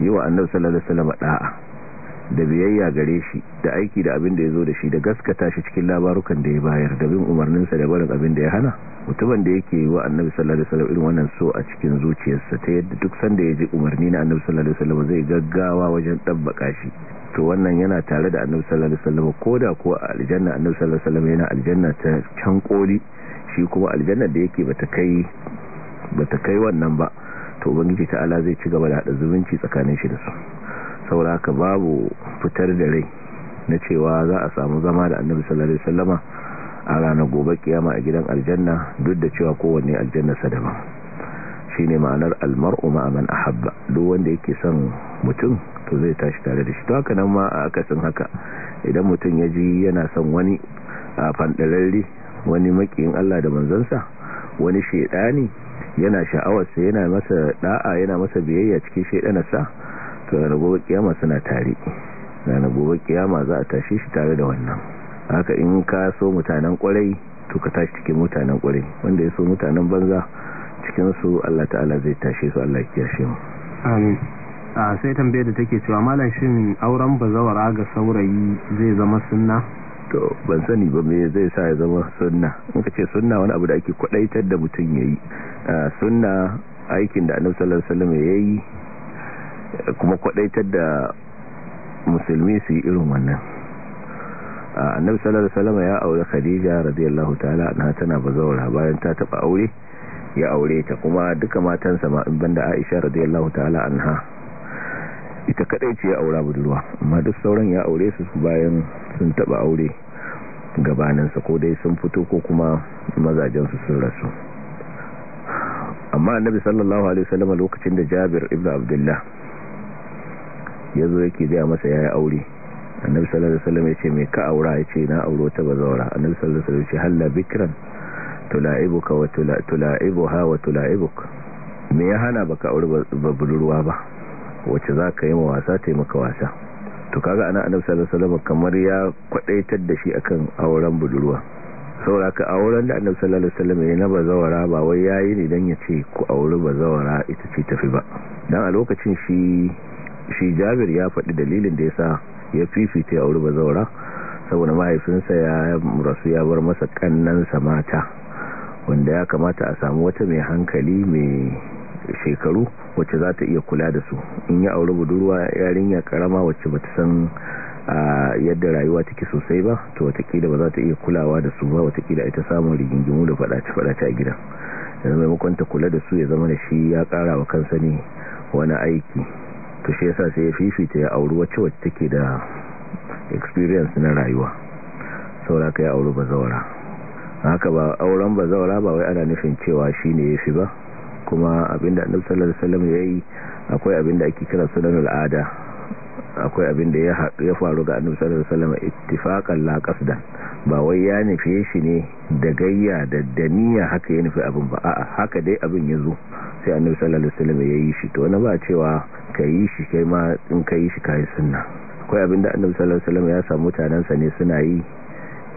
yi wa annabi sallallahu alaihi wasallam da'a da biyayya gare shi da aiki da abin da ya zo da shi da gaskata shi cikin labarukan da ya bayar da bin umarninsa da barin abin da ya hana mutumin da yake wa annabi sallallahu alaihi wasallam irin wannan so a cikin zuciyarsa ta yadda duk sanda ya ji umarni na annabi sallallahu alaihi wasallam zai gaggawa wajen dabbaka shi to wannan yana tare da annabi sallallahu alaihi wasallam koda ko a aljanna annabi sallallahu alaihi wasallam yana aljanna ta can koli shi kuma aljanna da yake bata kai bata kai wannan ba to ubangiji ta'ala zai ci gaba da hada zumunci tsakanin shi da su sauraka babu fitar da rai na cewa za a samu zama da annabi sallallahu alaihi wasallama a ranar gobe kiyama a gidan aljanna duk da cewa kowanne aljanna daban shine ma'anar almar'u ma man ahabba duk wanda yake son mutum to zai tashi tare da shi to haka nan ma a akasin haka idan mutum ya ji yana son wani a fandararri wani makiyin Allah da manzansa wani shedani yana sha'awarsa yana masa da'a yana masa biyayya cikin shedanarsa to na gobe kiyama suna tare na gobe kiyama za a tashe shi tare da wannan haka in ka so mutanen kwarai to ka tashi cikin mutanen kwarai wanda ya so mutanen banza cikin su Allah ta'ala zai tashe su Allah ya kiyashe mu amin a sai tambayar da take cewa malam shin auren bazawara ga saurayi zai zama sunna to ban sani ba me zai sa ya zama sunna in ka ce sunna wani abu da ake kwadaitar da mutum yayi sunna aikin da annabi sallallahu alaihi wasallam yayi kuma kwadaitar da musulmi su yi irin wannan annabi sallallahu alaihi ya aure khadija radiyallahu ta'ala anha tana bazawara bayan ta taba aure ya aure ta kuma duka matansa ma in banda aisha radiyallahu ta'ala anha ita kadai ce ya aura budurwa amma duk sauran ya aure su bayan sun taba aure gabaninsa ko dai sun fito ko kuma mazajensu sun rasu amma annabi sallallahu alaihi wasallam lokacin da Jabir ibn Abdullah ya zo yake zai masa ya yi aure annabi sallallahu alaihi wasallam ya ce mai ka aura ya ce na auro ta bazawara annabi sallallahu alaihi wasallam ya ce halla bikran tula'ibuka wa tula'ibuha wa tula'ibuk me ya hana baka aure budurwa ba wacce za ka yi ma wasa ta yi maka wasa to kaga ana annabi sallallahu alaihi wasallam kamar ya kwadaitar da shi akan auren budurwa sauraka auren da annabi sallallahu alaihi wasallam ya na bazawara ba wai yayi ne dan ya ce ku aure bazawara ita ce tafi ba dan a lokacin shi shi jabir ya faɗi dalilin da ya sa ya fifita ya wuri bazaura saboda mahaifinsa ya rasu ya bar masa kannansa mata wanda ya kamata a samu wata mai hankali mai shekaru wacce za ta iya kula da su in ya auri budurwa yarinyar karama wacce ba ta san yadda rayuwa take sosai ba to watakila ba za ta iya kulawa da su ba watakila ita samun rigingimu da faɗace-faɗace a gidan yanzu maimakon ta kula da su ya zama da shi ya karawa wa kansa ne wani aiki ta shi yasa sai ya fifita ya auri wacce wacce take da experience na rayuwa saura ka ya auri bazawara haka ba auren bazawara ba wai ana nufin cewa shi ne ya fi ba kuma abinda annabi sallallahu alaihi wasallam yayi akwai abinda ake kira sunan al'ada akwai abinda ya ya faru ga annabi sallallahu alaihi wasallam ittifaqan la qasdan ba wai ya nufi shi ne da gayya da daniya haka ya nufi abin ba a'a haka dai abin ya zo sai annabi sallallahu alaihi wasallam ya yi shi to wani ba cewa ka yi shi kai ma in ka yi shi kai sunna akwai abinda annabi sallallahu alaihi wasallam ya samu mutanansa ne suna yi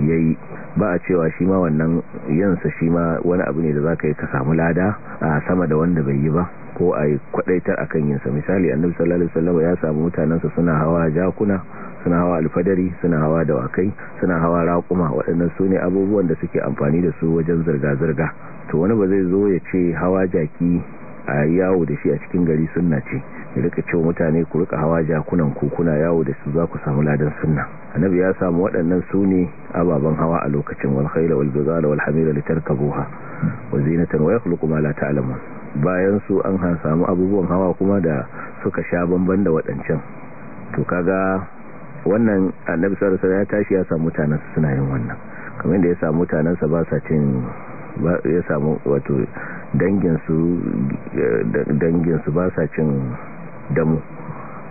yayi ba a cewa shi ma wannan yansa shi ma wani abu ne da za ka yi ka samu lada a sama da wanda bai yi ba ko a yi kwadaitar a kan yinsa misali annabi sallallahu alaihi wasallam ya samu mutanensa suna hawa jakuna suna hawa alfadari suna hawa dawakai suna hawa raƙuma waɗannan su ne abubuwan da suke amfani da su wajen zirga-zirga to wani ba zai zo ya ce hawa jaki a yawo da shi a cikin gari sunna ce ya rika cewa mutane ku rika hawa jakunan kukuna yawo da su za ku samu ladan sunna annabi ya samu waɗannan su ne ababen hawa a lokacin wal khayla wal bizala wal hamira litarkabuha wa zinatan wa yakhluqu ma la ta'lamun bayan su an han samu abubuwan hawa kuma da suka sha bamban da waɗancan to kaga wannan annabi sallallahu alaihi wasallam ya tashi ya samu mutanen suna yin wannan kamar yadda ya samu mutanen sa ba sa cin ya samu wato danginsu ba sa cin damu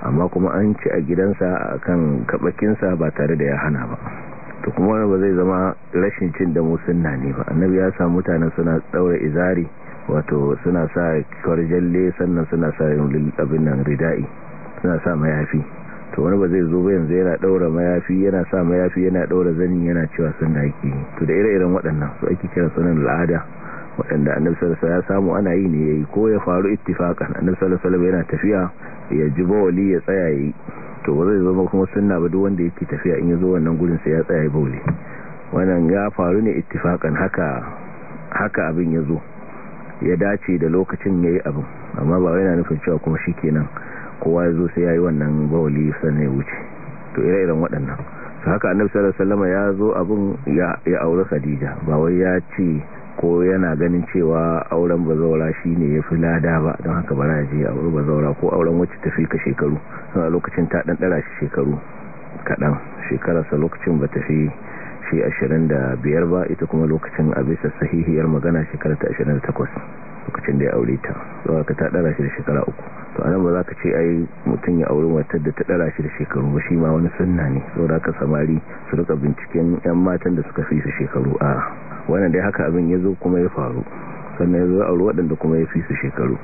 amma kuma an ci a gidansa kan kabakinsa ba tare da ya hana ba to kuma wani ba zai zama rashin cin damu suna ne ba annabi ya sa mutane suna daura izari wato suna sa kwarjalle sannan suna sa yin abin nan rida'i suna sa mayafi to wani ba zai zo ba yanzu yana daura mayafi yana sa mayafi yana daura zanin yana cewa ake yake to da ire-iren waɗannan su ake kira sunan al'ada waɗanda annabi sallallahu ya samu ana yi ne yayi ko ya faru ittifaqan annabi sallallahu yana tafiya ya ji bawali ya tsaya yi to ba zai zama kuma sunna ba duk wanda yake tafiya in ya zo wannan gurin sai ya tsaya wali wannan ya faru ne ittifakan haka haka abin ya zo ya dace da lokacin yayi abin amma ba yana nufin cewa kuma shikenan kowa ya zo sai yayi wannan bawali sannan ya wuce to ire-iren waɗannan haka annabi sallallahu alaihi ya zo abin ya aure Khadija ba wai ya ce ko yana ganin cewa auren bazaura shi ne ya fi lada ba don haka ba ya je wuri bazaura ko auren wacce ta fi ka shekaru suna lokacin ta ɗanɗara shi shekaru kaɗan shekararsa lokacin ba ta fi da 25 ba ita kuma lokacin a bisa sahihiyar magana shekara ta 28 lokacin da ya aure ta zuwa ka ta dara shi da shekara uku to a nan ba za ka ce ai mutum ya aure wata da ta dara shi da shekaru ba shi ma wani sunna ne da ka samari su rika binciken yan matan da suka fi su shekaru a wannan dai haka abin ya zo kuma ya faru sannan ya zo aure waɗanda kuma ya fi su shekaru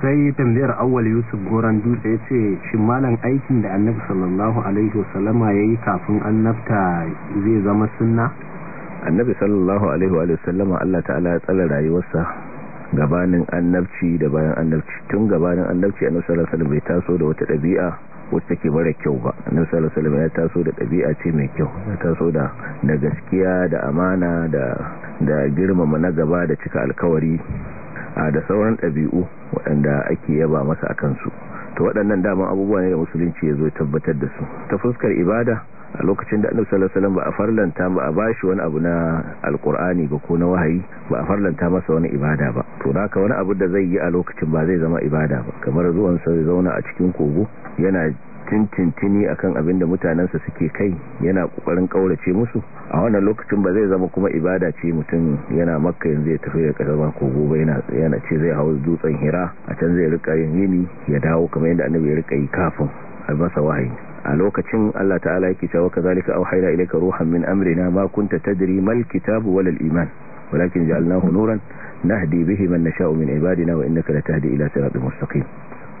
sai tambayar awwal yusuf goran dutse ya ce shi malam aikin da annabi sallallahu alaihi wasallama ya yi kafin annabta zai zama sunna annabi sallallahu alaihi wasallama allah ta'ala ya tsala rayuwarsa gabanin annabci da bayan annabci tun gabanin annabci annabi sallallahu alaihi wasallam bai taso da wata ɗabi'a wacce take mara kyau ba annabi sallallahu alaihi wasallam ya taso da ɗabi'a ce mai kyau ya taso da da gaskiya da amana da da girmama na gaba da cika alkawari da sauran ɗabi'u waɗanda ake yaba masa a kansu to waɗannan daman abubuwa ne da musulunci ya zo tabbatar da su ta fuskar ibada a lokacin da annabi sallallahu alaihi wasallam ba a farlanta ba a bashi wani abu na alqur'ani ba ko na wahayi ba a farlanta masa wani ibada ba to naka wani abu da zai yi a lokacin ba zai zama ibada ba kamar zuwan sa zauna a cikin kogo yana tintintini akan abin da mutanensa suke kai yana kokarin kaurace musu a wannan lokacin ba zai zama kuma ibada ce mutum yana maka yanzu ya tafi da ba ko gobe yana yana ce zai hau dutsen hira a can zai rika yin yini ya dawo kamar yadda annabi ya rika yi kafin albasa wahayi a lokacin Allah ta'ala yake cewa kazalika auhayna ilayka ruhan min amrina ma kunta tadri mal kitabu wal iman walakin ja'alnahu nuran nahdi bihi man nasha'u min ibadina wa innaka latahdi ila siratin mustaqim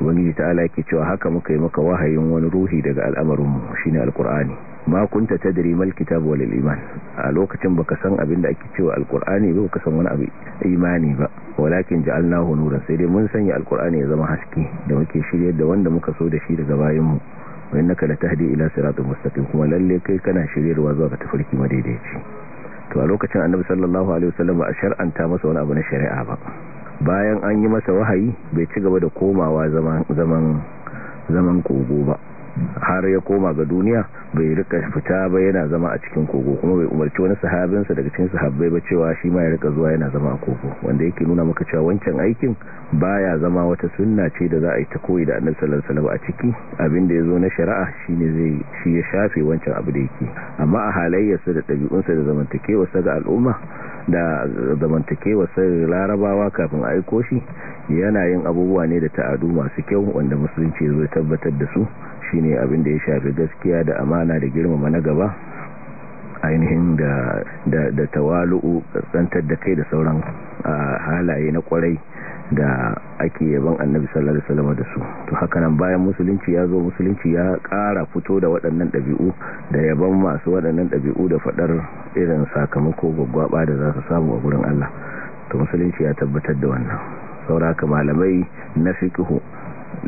wani ubangiji ta'ala ke cewa haka muka yi maka wahayin wani ruhi daga al'amarinmu shi ne ma ta ta mal kitab wal iman a lokacin baka san abin da ake cewa al'kur'ani ba baka san wani abu imani ba walakin hu nuran sai dai mun sanya al'kur'ani ya zama haske da muke shiryar da wanda muka so da shi daga bayanmu wa innaka latahdi ila siratal mustaqim kuma lalle kai kana shiryarwa zuwa ga tafarki madaidaici to a lokacin annabi sallallahu alaihi wasallam a shar'anta masa wani abu na shari'a ba bayan an yi masa wahayi bai ci gaba da komawa zaman kogo ba har ya koma ga duniya bai rika fita ba yana zama a cikin kogo kuma bai umarci wani sahabinsa daga cikin sahabbai ba cewa shi ma ya rika zuwa yana zama a kogo wanda yake nuna maka cewa wancan aikin baya zama wata sunna ce da za a yi ta koyi da annabi sallallahu alaihi a ciki abin da zo na shari'a shine zai shi ya shafe wancan abu da yake amma a halayyarsa da dabi'unsa da zamantakewarsa ga al'umma da zamantakewa sai larabawa kafin aiko shi yana yin abubuwa ne da ta'adu masu kyau wanda musulunci zai tabbatar da su shine abin da ya shafi gaskiya da amana da girmama na gaba ainihin da da tawalu'u tsantar da kai da sauran ah, halaye na kwarai da ake yaban annabi sallallahu alaihi wasallam da su to haka nan bayan musulunci ya zo musulunci ya ƙara fito da waɗannan ɗabi'u da yaban masu waɗannan ɗabi'u da faɗar irin sakamako gwaggwaba da za su samu a gurin Allah to musulunci ya tabbatar da wannan sauraka malamai na fiqhu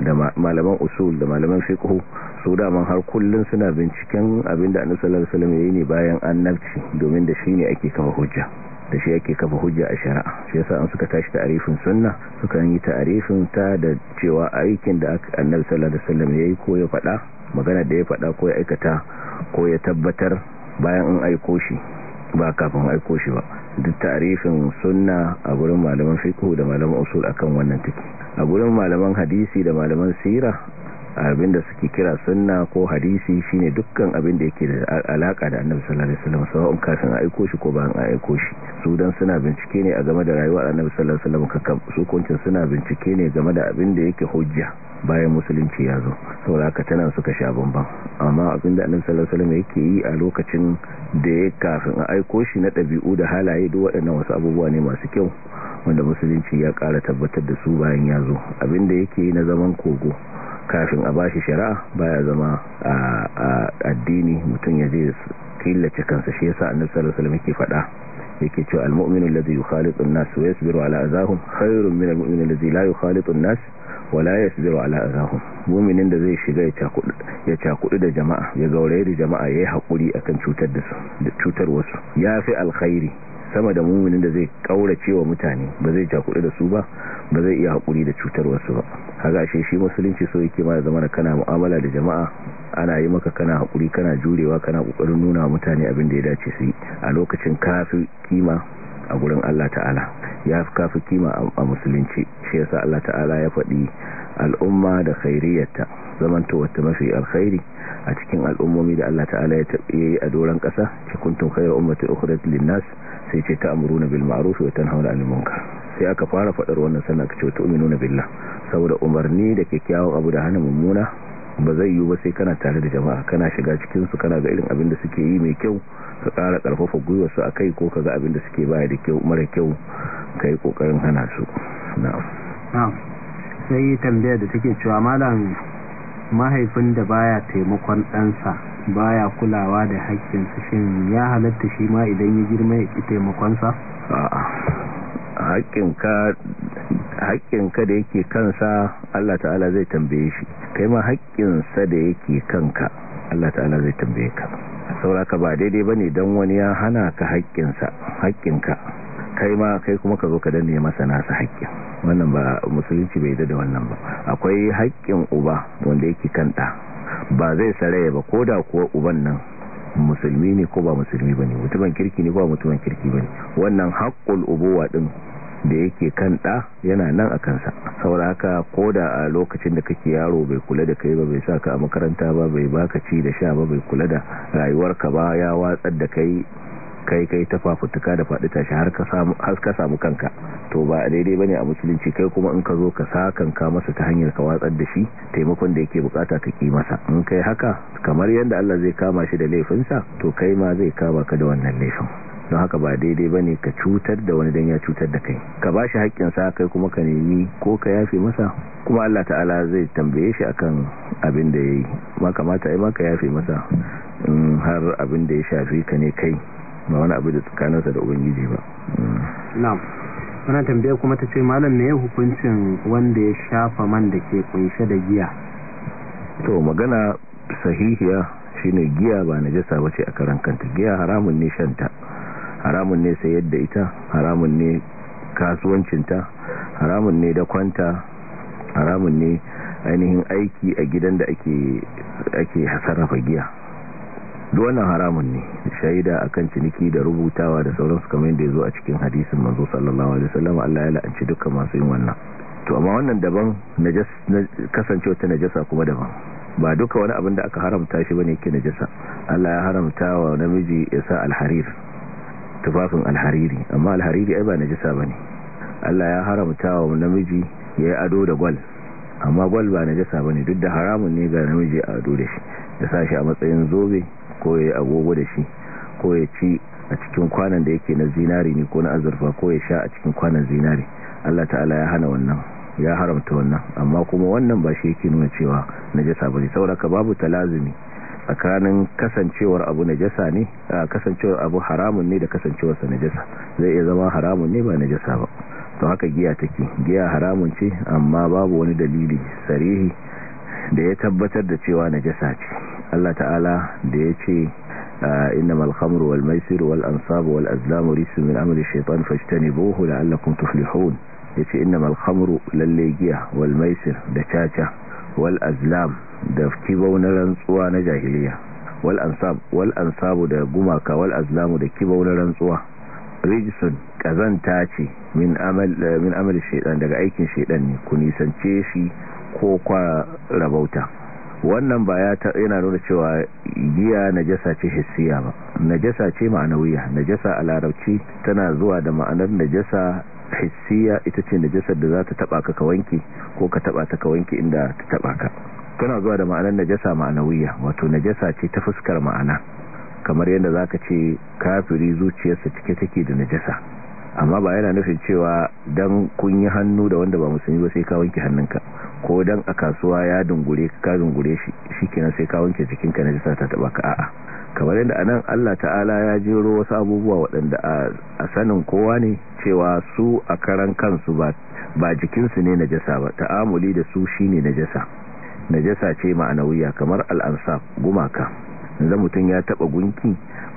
da malaman usul da malaman fiqhu su daman har kullun suna binciken abinda annabi sallallahu alaihi wasallam yayi ne bayan annabci domin da shine ake kafa hujja da shi yake kafa hujja a shari'a shi yasa an suka tashi ta'arifin sunna suka yi ta'arifin ta da cewa aikin da annabi sallallahu alaihi wasallam yayi ko ya faɗa magana da ya faɗa ko ya aikata ko ya tabbatar bayan an aiko shi ba kafin aiko shi ba duk ta'arifin sunna a gurin malaman fiqh da malaman usul akan wannan take a gurin malaman hadisi da malaman sira abinda suke kira sunna ko hadisi shine dukkan abin da yake da alaka da annabi sallallahu alaihi wasallam sawa'un kafin a aiko shi ko bayan a aiko shi su dan suna bincike ne a game da rayuwar annabi sallallahu alaihi wasallam kakan su kuncin suna bincike ne game da abin da yake hujja bayan musulunci ya zo saboda haka tana suka sha bamban amma abin da annabi sallallahu alaihi wasallam yake yi a lokacin da ya kafin a aiko shi na dabi'u da halaye duk waɗannan wasu abubuwa ne masu kyau wanda musulunci ya ƙara tabbatar da su bayan ya zo abin da yake yi na zaman kogo kafin a bashi shari'a baya zama a addini mutum ya je killace kansa shi yasa annabi sallallahu alaihi wasallam yake faɗa yake cewa almu'minu alladhi yukhalitu an-nas wa yasbiru ala azahum khairun min almu'min alladhi la yukhalitu an-nas wa la yasbiru ala azahum mu'minin da zai shiga ya cakudu ya cakudu da jama'a ya gauraye da jama'a yayi hakuri akan cutar da su da cutar wasu yafi alkhairi sama da muminin da zai kaurace wa mutane ba zai kudu da su ba ba zai iya haƙuri da cutar wasu ba haka ashe shi musulunci so yake ma zama da kana mu'amala da jama'a ana yi maka kana haƙuri kana jurewa kana ƙoƙarin nuna mutane abin da ya dace su yi a lokacin kafi kima a gurin Allah ta'ala ya kafi kima a musulunci shi yasa Allah ta'ala ya faɗi al'umma da khairiyarta zamanta wata mafi alkhairi a cikin al'ummomi da Allah ta'ala ya yi a doron ƙasa cikuntum khairu ummati ukhrijat lin-nas sai ce ta ta'muruna bil ma'ruf wa tanhauna 'anil munkar sai aka fara fadar wannan sannan ka ce tu'minuna billah saboda umarni da kyakkyawan abu da hana mummuna ba zai yiwu ba sai kana tare da jama'a kana shiga cikin su kana ga irin abin da suke yi mai kyau ka ƙara ƙarfafa gwiwa su akai ko ka ga abin da suke baya da kyau mara kyau kai kokarin hana su na'am sai tambaya da take cewa malam mahaifin da baya taimakon ɗansa baya kulawa da haƙƙinsa shin ya halatta shi ma idan ya girma ya ƙi taimakonsa? ka da yake kansa Allah ta'ala zai tambaye shi kai ma haƙƙinsa da yake kanka Allah ta'ala zai tambaye ka sauraka ba daidai ba ne don wani ya hana ka haƙƙinsa ka kai ma kai kuma ka zo ka danne masa nasa haƙƙin wannan ba musulunci bai da wannan ba akwai haƙƙin uba wanda yake kan ba zai saraya ba ko da kuwa uban nan musulmi ne ko ba musulmi ba ne mutumin kirki ne ko ba mutumin kirki ba ne wannan haƙƙul ubuwa ɗin da yake kan yana nan a kansa saboda haka ko da a lokacin da kake yaro bai kula da kai ba bai sa ka a makaranta ba bai baka ci da sha ba bai kula da rayuwarka ba ya watsar da kai kai kai ta fafutuka da faɗi tashi har ka samu kanka to ba daidai bane a musulunci kai kuma in ka zo ka sa kanka masa ta hanyar ka watsar da shi taimakon da yake bukata ka ki masa in kai haka kamar yadda Allah zai kama shi da laifinsa to kai ma zai kama ka da wannan laifin don haka ba daidai bane ka cutar da wani dan ya cutar da kai ka ba shi sa kai kuma ka nemi ko ka yafe masa kuma Allah ta'ala zai tambaye shi akan abin da ya yi ma kamata ai ma ka yafe masa har abin da ya shafi ka ne kai ba wani abu da tsakaninsa da ubangiji ba na'am tambaya kuma ta ce malam ne hukuncin wanda ya shafa man da ke kunshe da giya to magana sahihiya shine giya ba na ba ce a karan kanta giya haramun ne shanta haramun ne sayar da ita haramun ne kasuwancinta haramun ne da kwanta haramun ne ainihin aiki a gidan da ake sarrafa giya duk wannan haramun ne shaida akan ciniki da rubutawa da sauransu kamar yadda ya zo a cikin hadisin manzo sallallahu alaihi wasallam Allah ya la'anci dukkan masu yin wannan to amma wannan daban najas kasancewa ta najasa kuma daban ba duka wani abin da aka haramta shi bane yake najasa Allah ya haramta wa namiji ya sa alharir tufafin alhariri amma alhariri ai ba najasa bane Allah ya haramta wa namiji ya yi ado da gwal amma gwal ba najasa bane duk da haramun ne ga namiji a ado da shi ya sa shi a matsayin zobe ko ya agogo da shi ko ya ci a cikin kwanan da yake na zinari ne ko na azurfa ko ya sha a cikin kwanan zinari Allah ta'ala ya hana wannan ya haramta wannan amma kuma wannan ba shi yake nuna cewa najasa bane saboda babu talazumi tsakanin kasancewar abu najasa ne kasancewar abu haramun ne da kasancewarsa sa najasa zai iya zama haramun ne ba najasa ba to haka giya take giya haramun ce amma babu wani dalili sarihi da ya tabbatar da cewa najasa ce Allah ta'ala da ya ce ah, innamal khamru wal maisir wal ansab wal azlam rijsun min amali shaytan fajtanibuhu la'allakum tuflihun yace innamal khamru lalle giya wal maisir da caca wal azlam da kibau na rantsuwa na jahiliya wal ansab ansabu da gumaka wal azlamu da kibau na rantsuwa rijsun kazanta ce min amal min daga aikin shaytan ne ku nisance shi ko kwa rabauta wannan ba yana nuna cewa giya najasa ce hissiya ba najasa ce ma'anawiya najasa a larabci tana zuwa da ma'anar najasa hissiya ita ce najasar da za ta taba ka ka ko ka taba ta ka inda ta taba ka tana zuwa da ma'anar najasa ma'anawiya wato najasa ce ta fuskar ma'ana kamar yadda za ka ce kafiri zuciyarsa cike take da najasa amma ba yana nufin cewa dan kun yi hannu da wanda ba musulmi ba sai ka wanke hannunka ko dan a kasuwa ya dungure ka dungure shi shikenan sai ka wanke jikinka na jisa ta taba ka a'a kamar yadda anan Allah ta'ala ya jero wasu abubuwa waɗanda a sanin kowa ne cewa su a karan kansu ba ba jikinsu ne najasa ba ta'amuli da su shine najasa najasa ce ma'anawiya kamar al'ansaf gumaka idan mutum ya taba gunki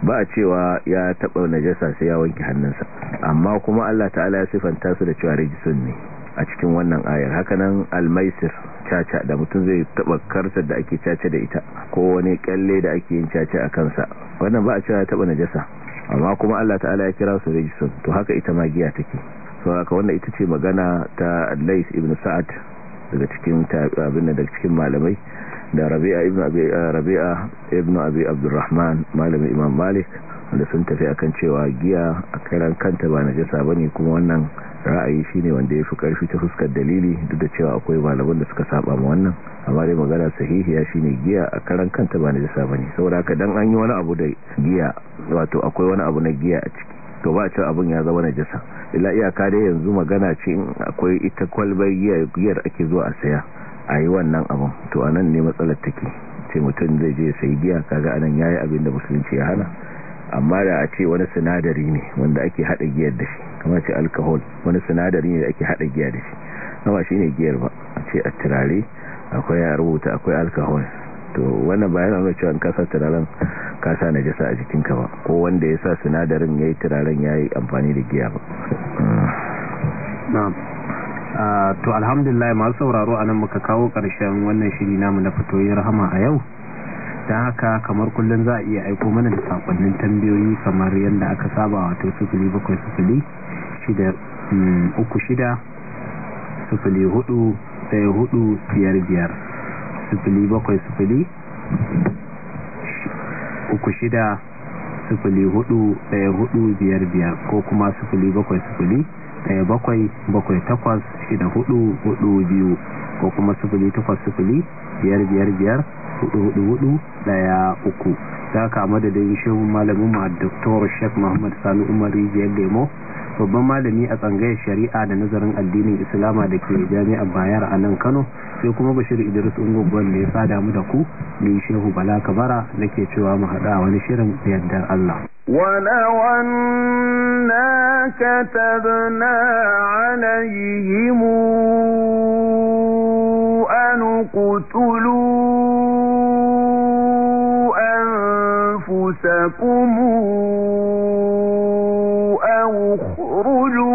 ba a cewa ya taɓa najasa sai ya wanke hannunsa amma kuma Allah ta'ala ya sifanta su da cewa rijisun ne a cikin wannan ayar hakanan almaisir caca da mutum zai taba karta da ake caca da ita ko wani kyalle da ake yin caca a kansa wannan ba a cewa ya taɓa najasa amma kuma Allah ta'ala ya kira su rijisun to haka ita ma giya take so haka wannan ita ce magana ta Lais ibn Sa'ad daga cikin daga cikin malamai da rabi'a ibn abi eh, rabi'a ibn abi abdurrahman malamin imam malik da sun tafi akan cewa giya a karan kanta ba najasa bane kuma wannan ra'ayi shine wanda yafi karfi ta fuskar dalili duk da cewa akwai malaman da suka saba ma wannan amma dai magana sahihiya shine giya a karan kanta ba najasa bane saboda haka dan an yi wani abu da giya wato akwai wani abu na giya a ciki to ba cewa abun ya zama najasa illa iyaka dai yanzu magana ce akwai ita kwalbar giya giyar ake zuwa a saya a yi wannan abin to a nan ne matsalar take ce mutum zai je sai giya kaga anan ya yi abin da musulunci ya hana amma da a ce wani sinadari ne wanda ake haɗa giyar da shi kama ce alkohol wani sinadari ne da ake haɗa giya da shi kama shi ne giyar ba a ce a turare akwai ya rubuta akwai alkohol to wannan bayan an cewa kasa turaren kasa na jasa a jikinka ba ko wanda ya sa sinadarin ya yi turaren ya yi amfani da giya ba Ah, to alhamdulillah masu sauraro a nan muka kawo ƙarshen wannan shiri namu na fitoyin rahama a yau don haka kamar kullum za a iya aiko mana da sakonnin tambayoyi kamar yadda aka saba wato sufuli bakwai sufuli shida mm, uku shida sufuli hudu hudu biyar biyar sufuli bakwai sufuli uku shida sufuli hudu hudu biyar biyar ko kuma sufuli bakwai sufuli Eh, biyu ko kuma 0800555543 za ka madadin shehun malamin ma Dr. Sheikh Muhammad Sani Umar Rijiyar Lemo babban malami a tsangayar shari'a da nazarin addinin Islama da ke jami'ar Bayar a nan Kano sai kuma Bashir Idris ungogon da ya sada mu da ku ni Shehu Bala Kabara nake cewa mu hada wani shirin da yardar Allah كتبنا عليهم أن اقتلوا أنفسكم أو اخرجوا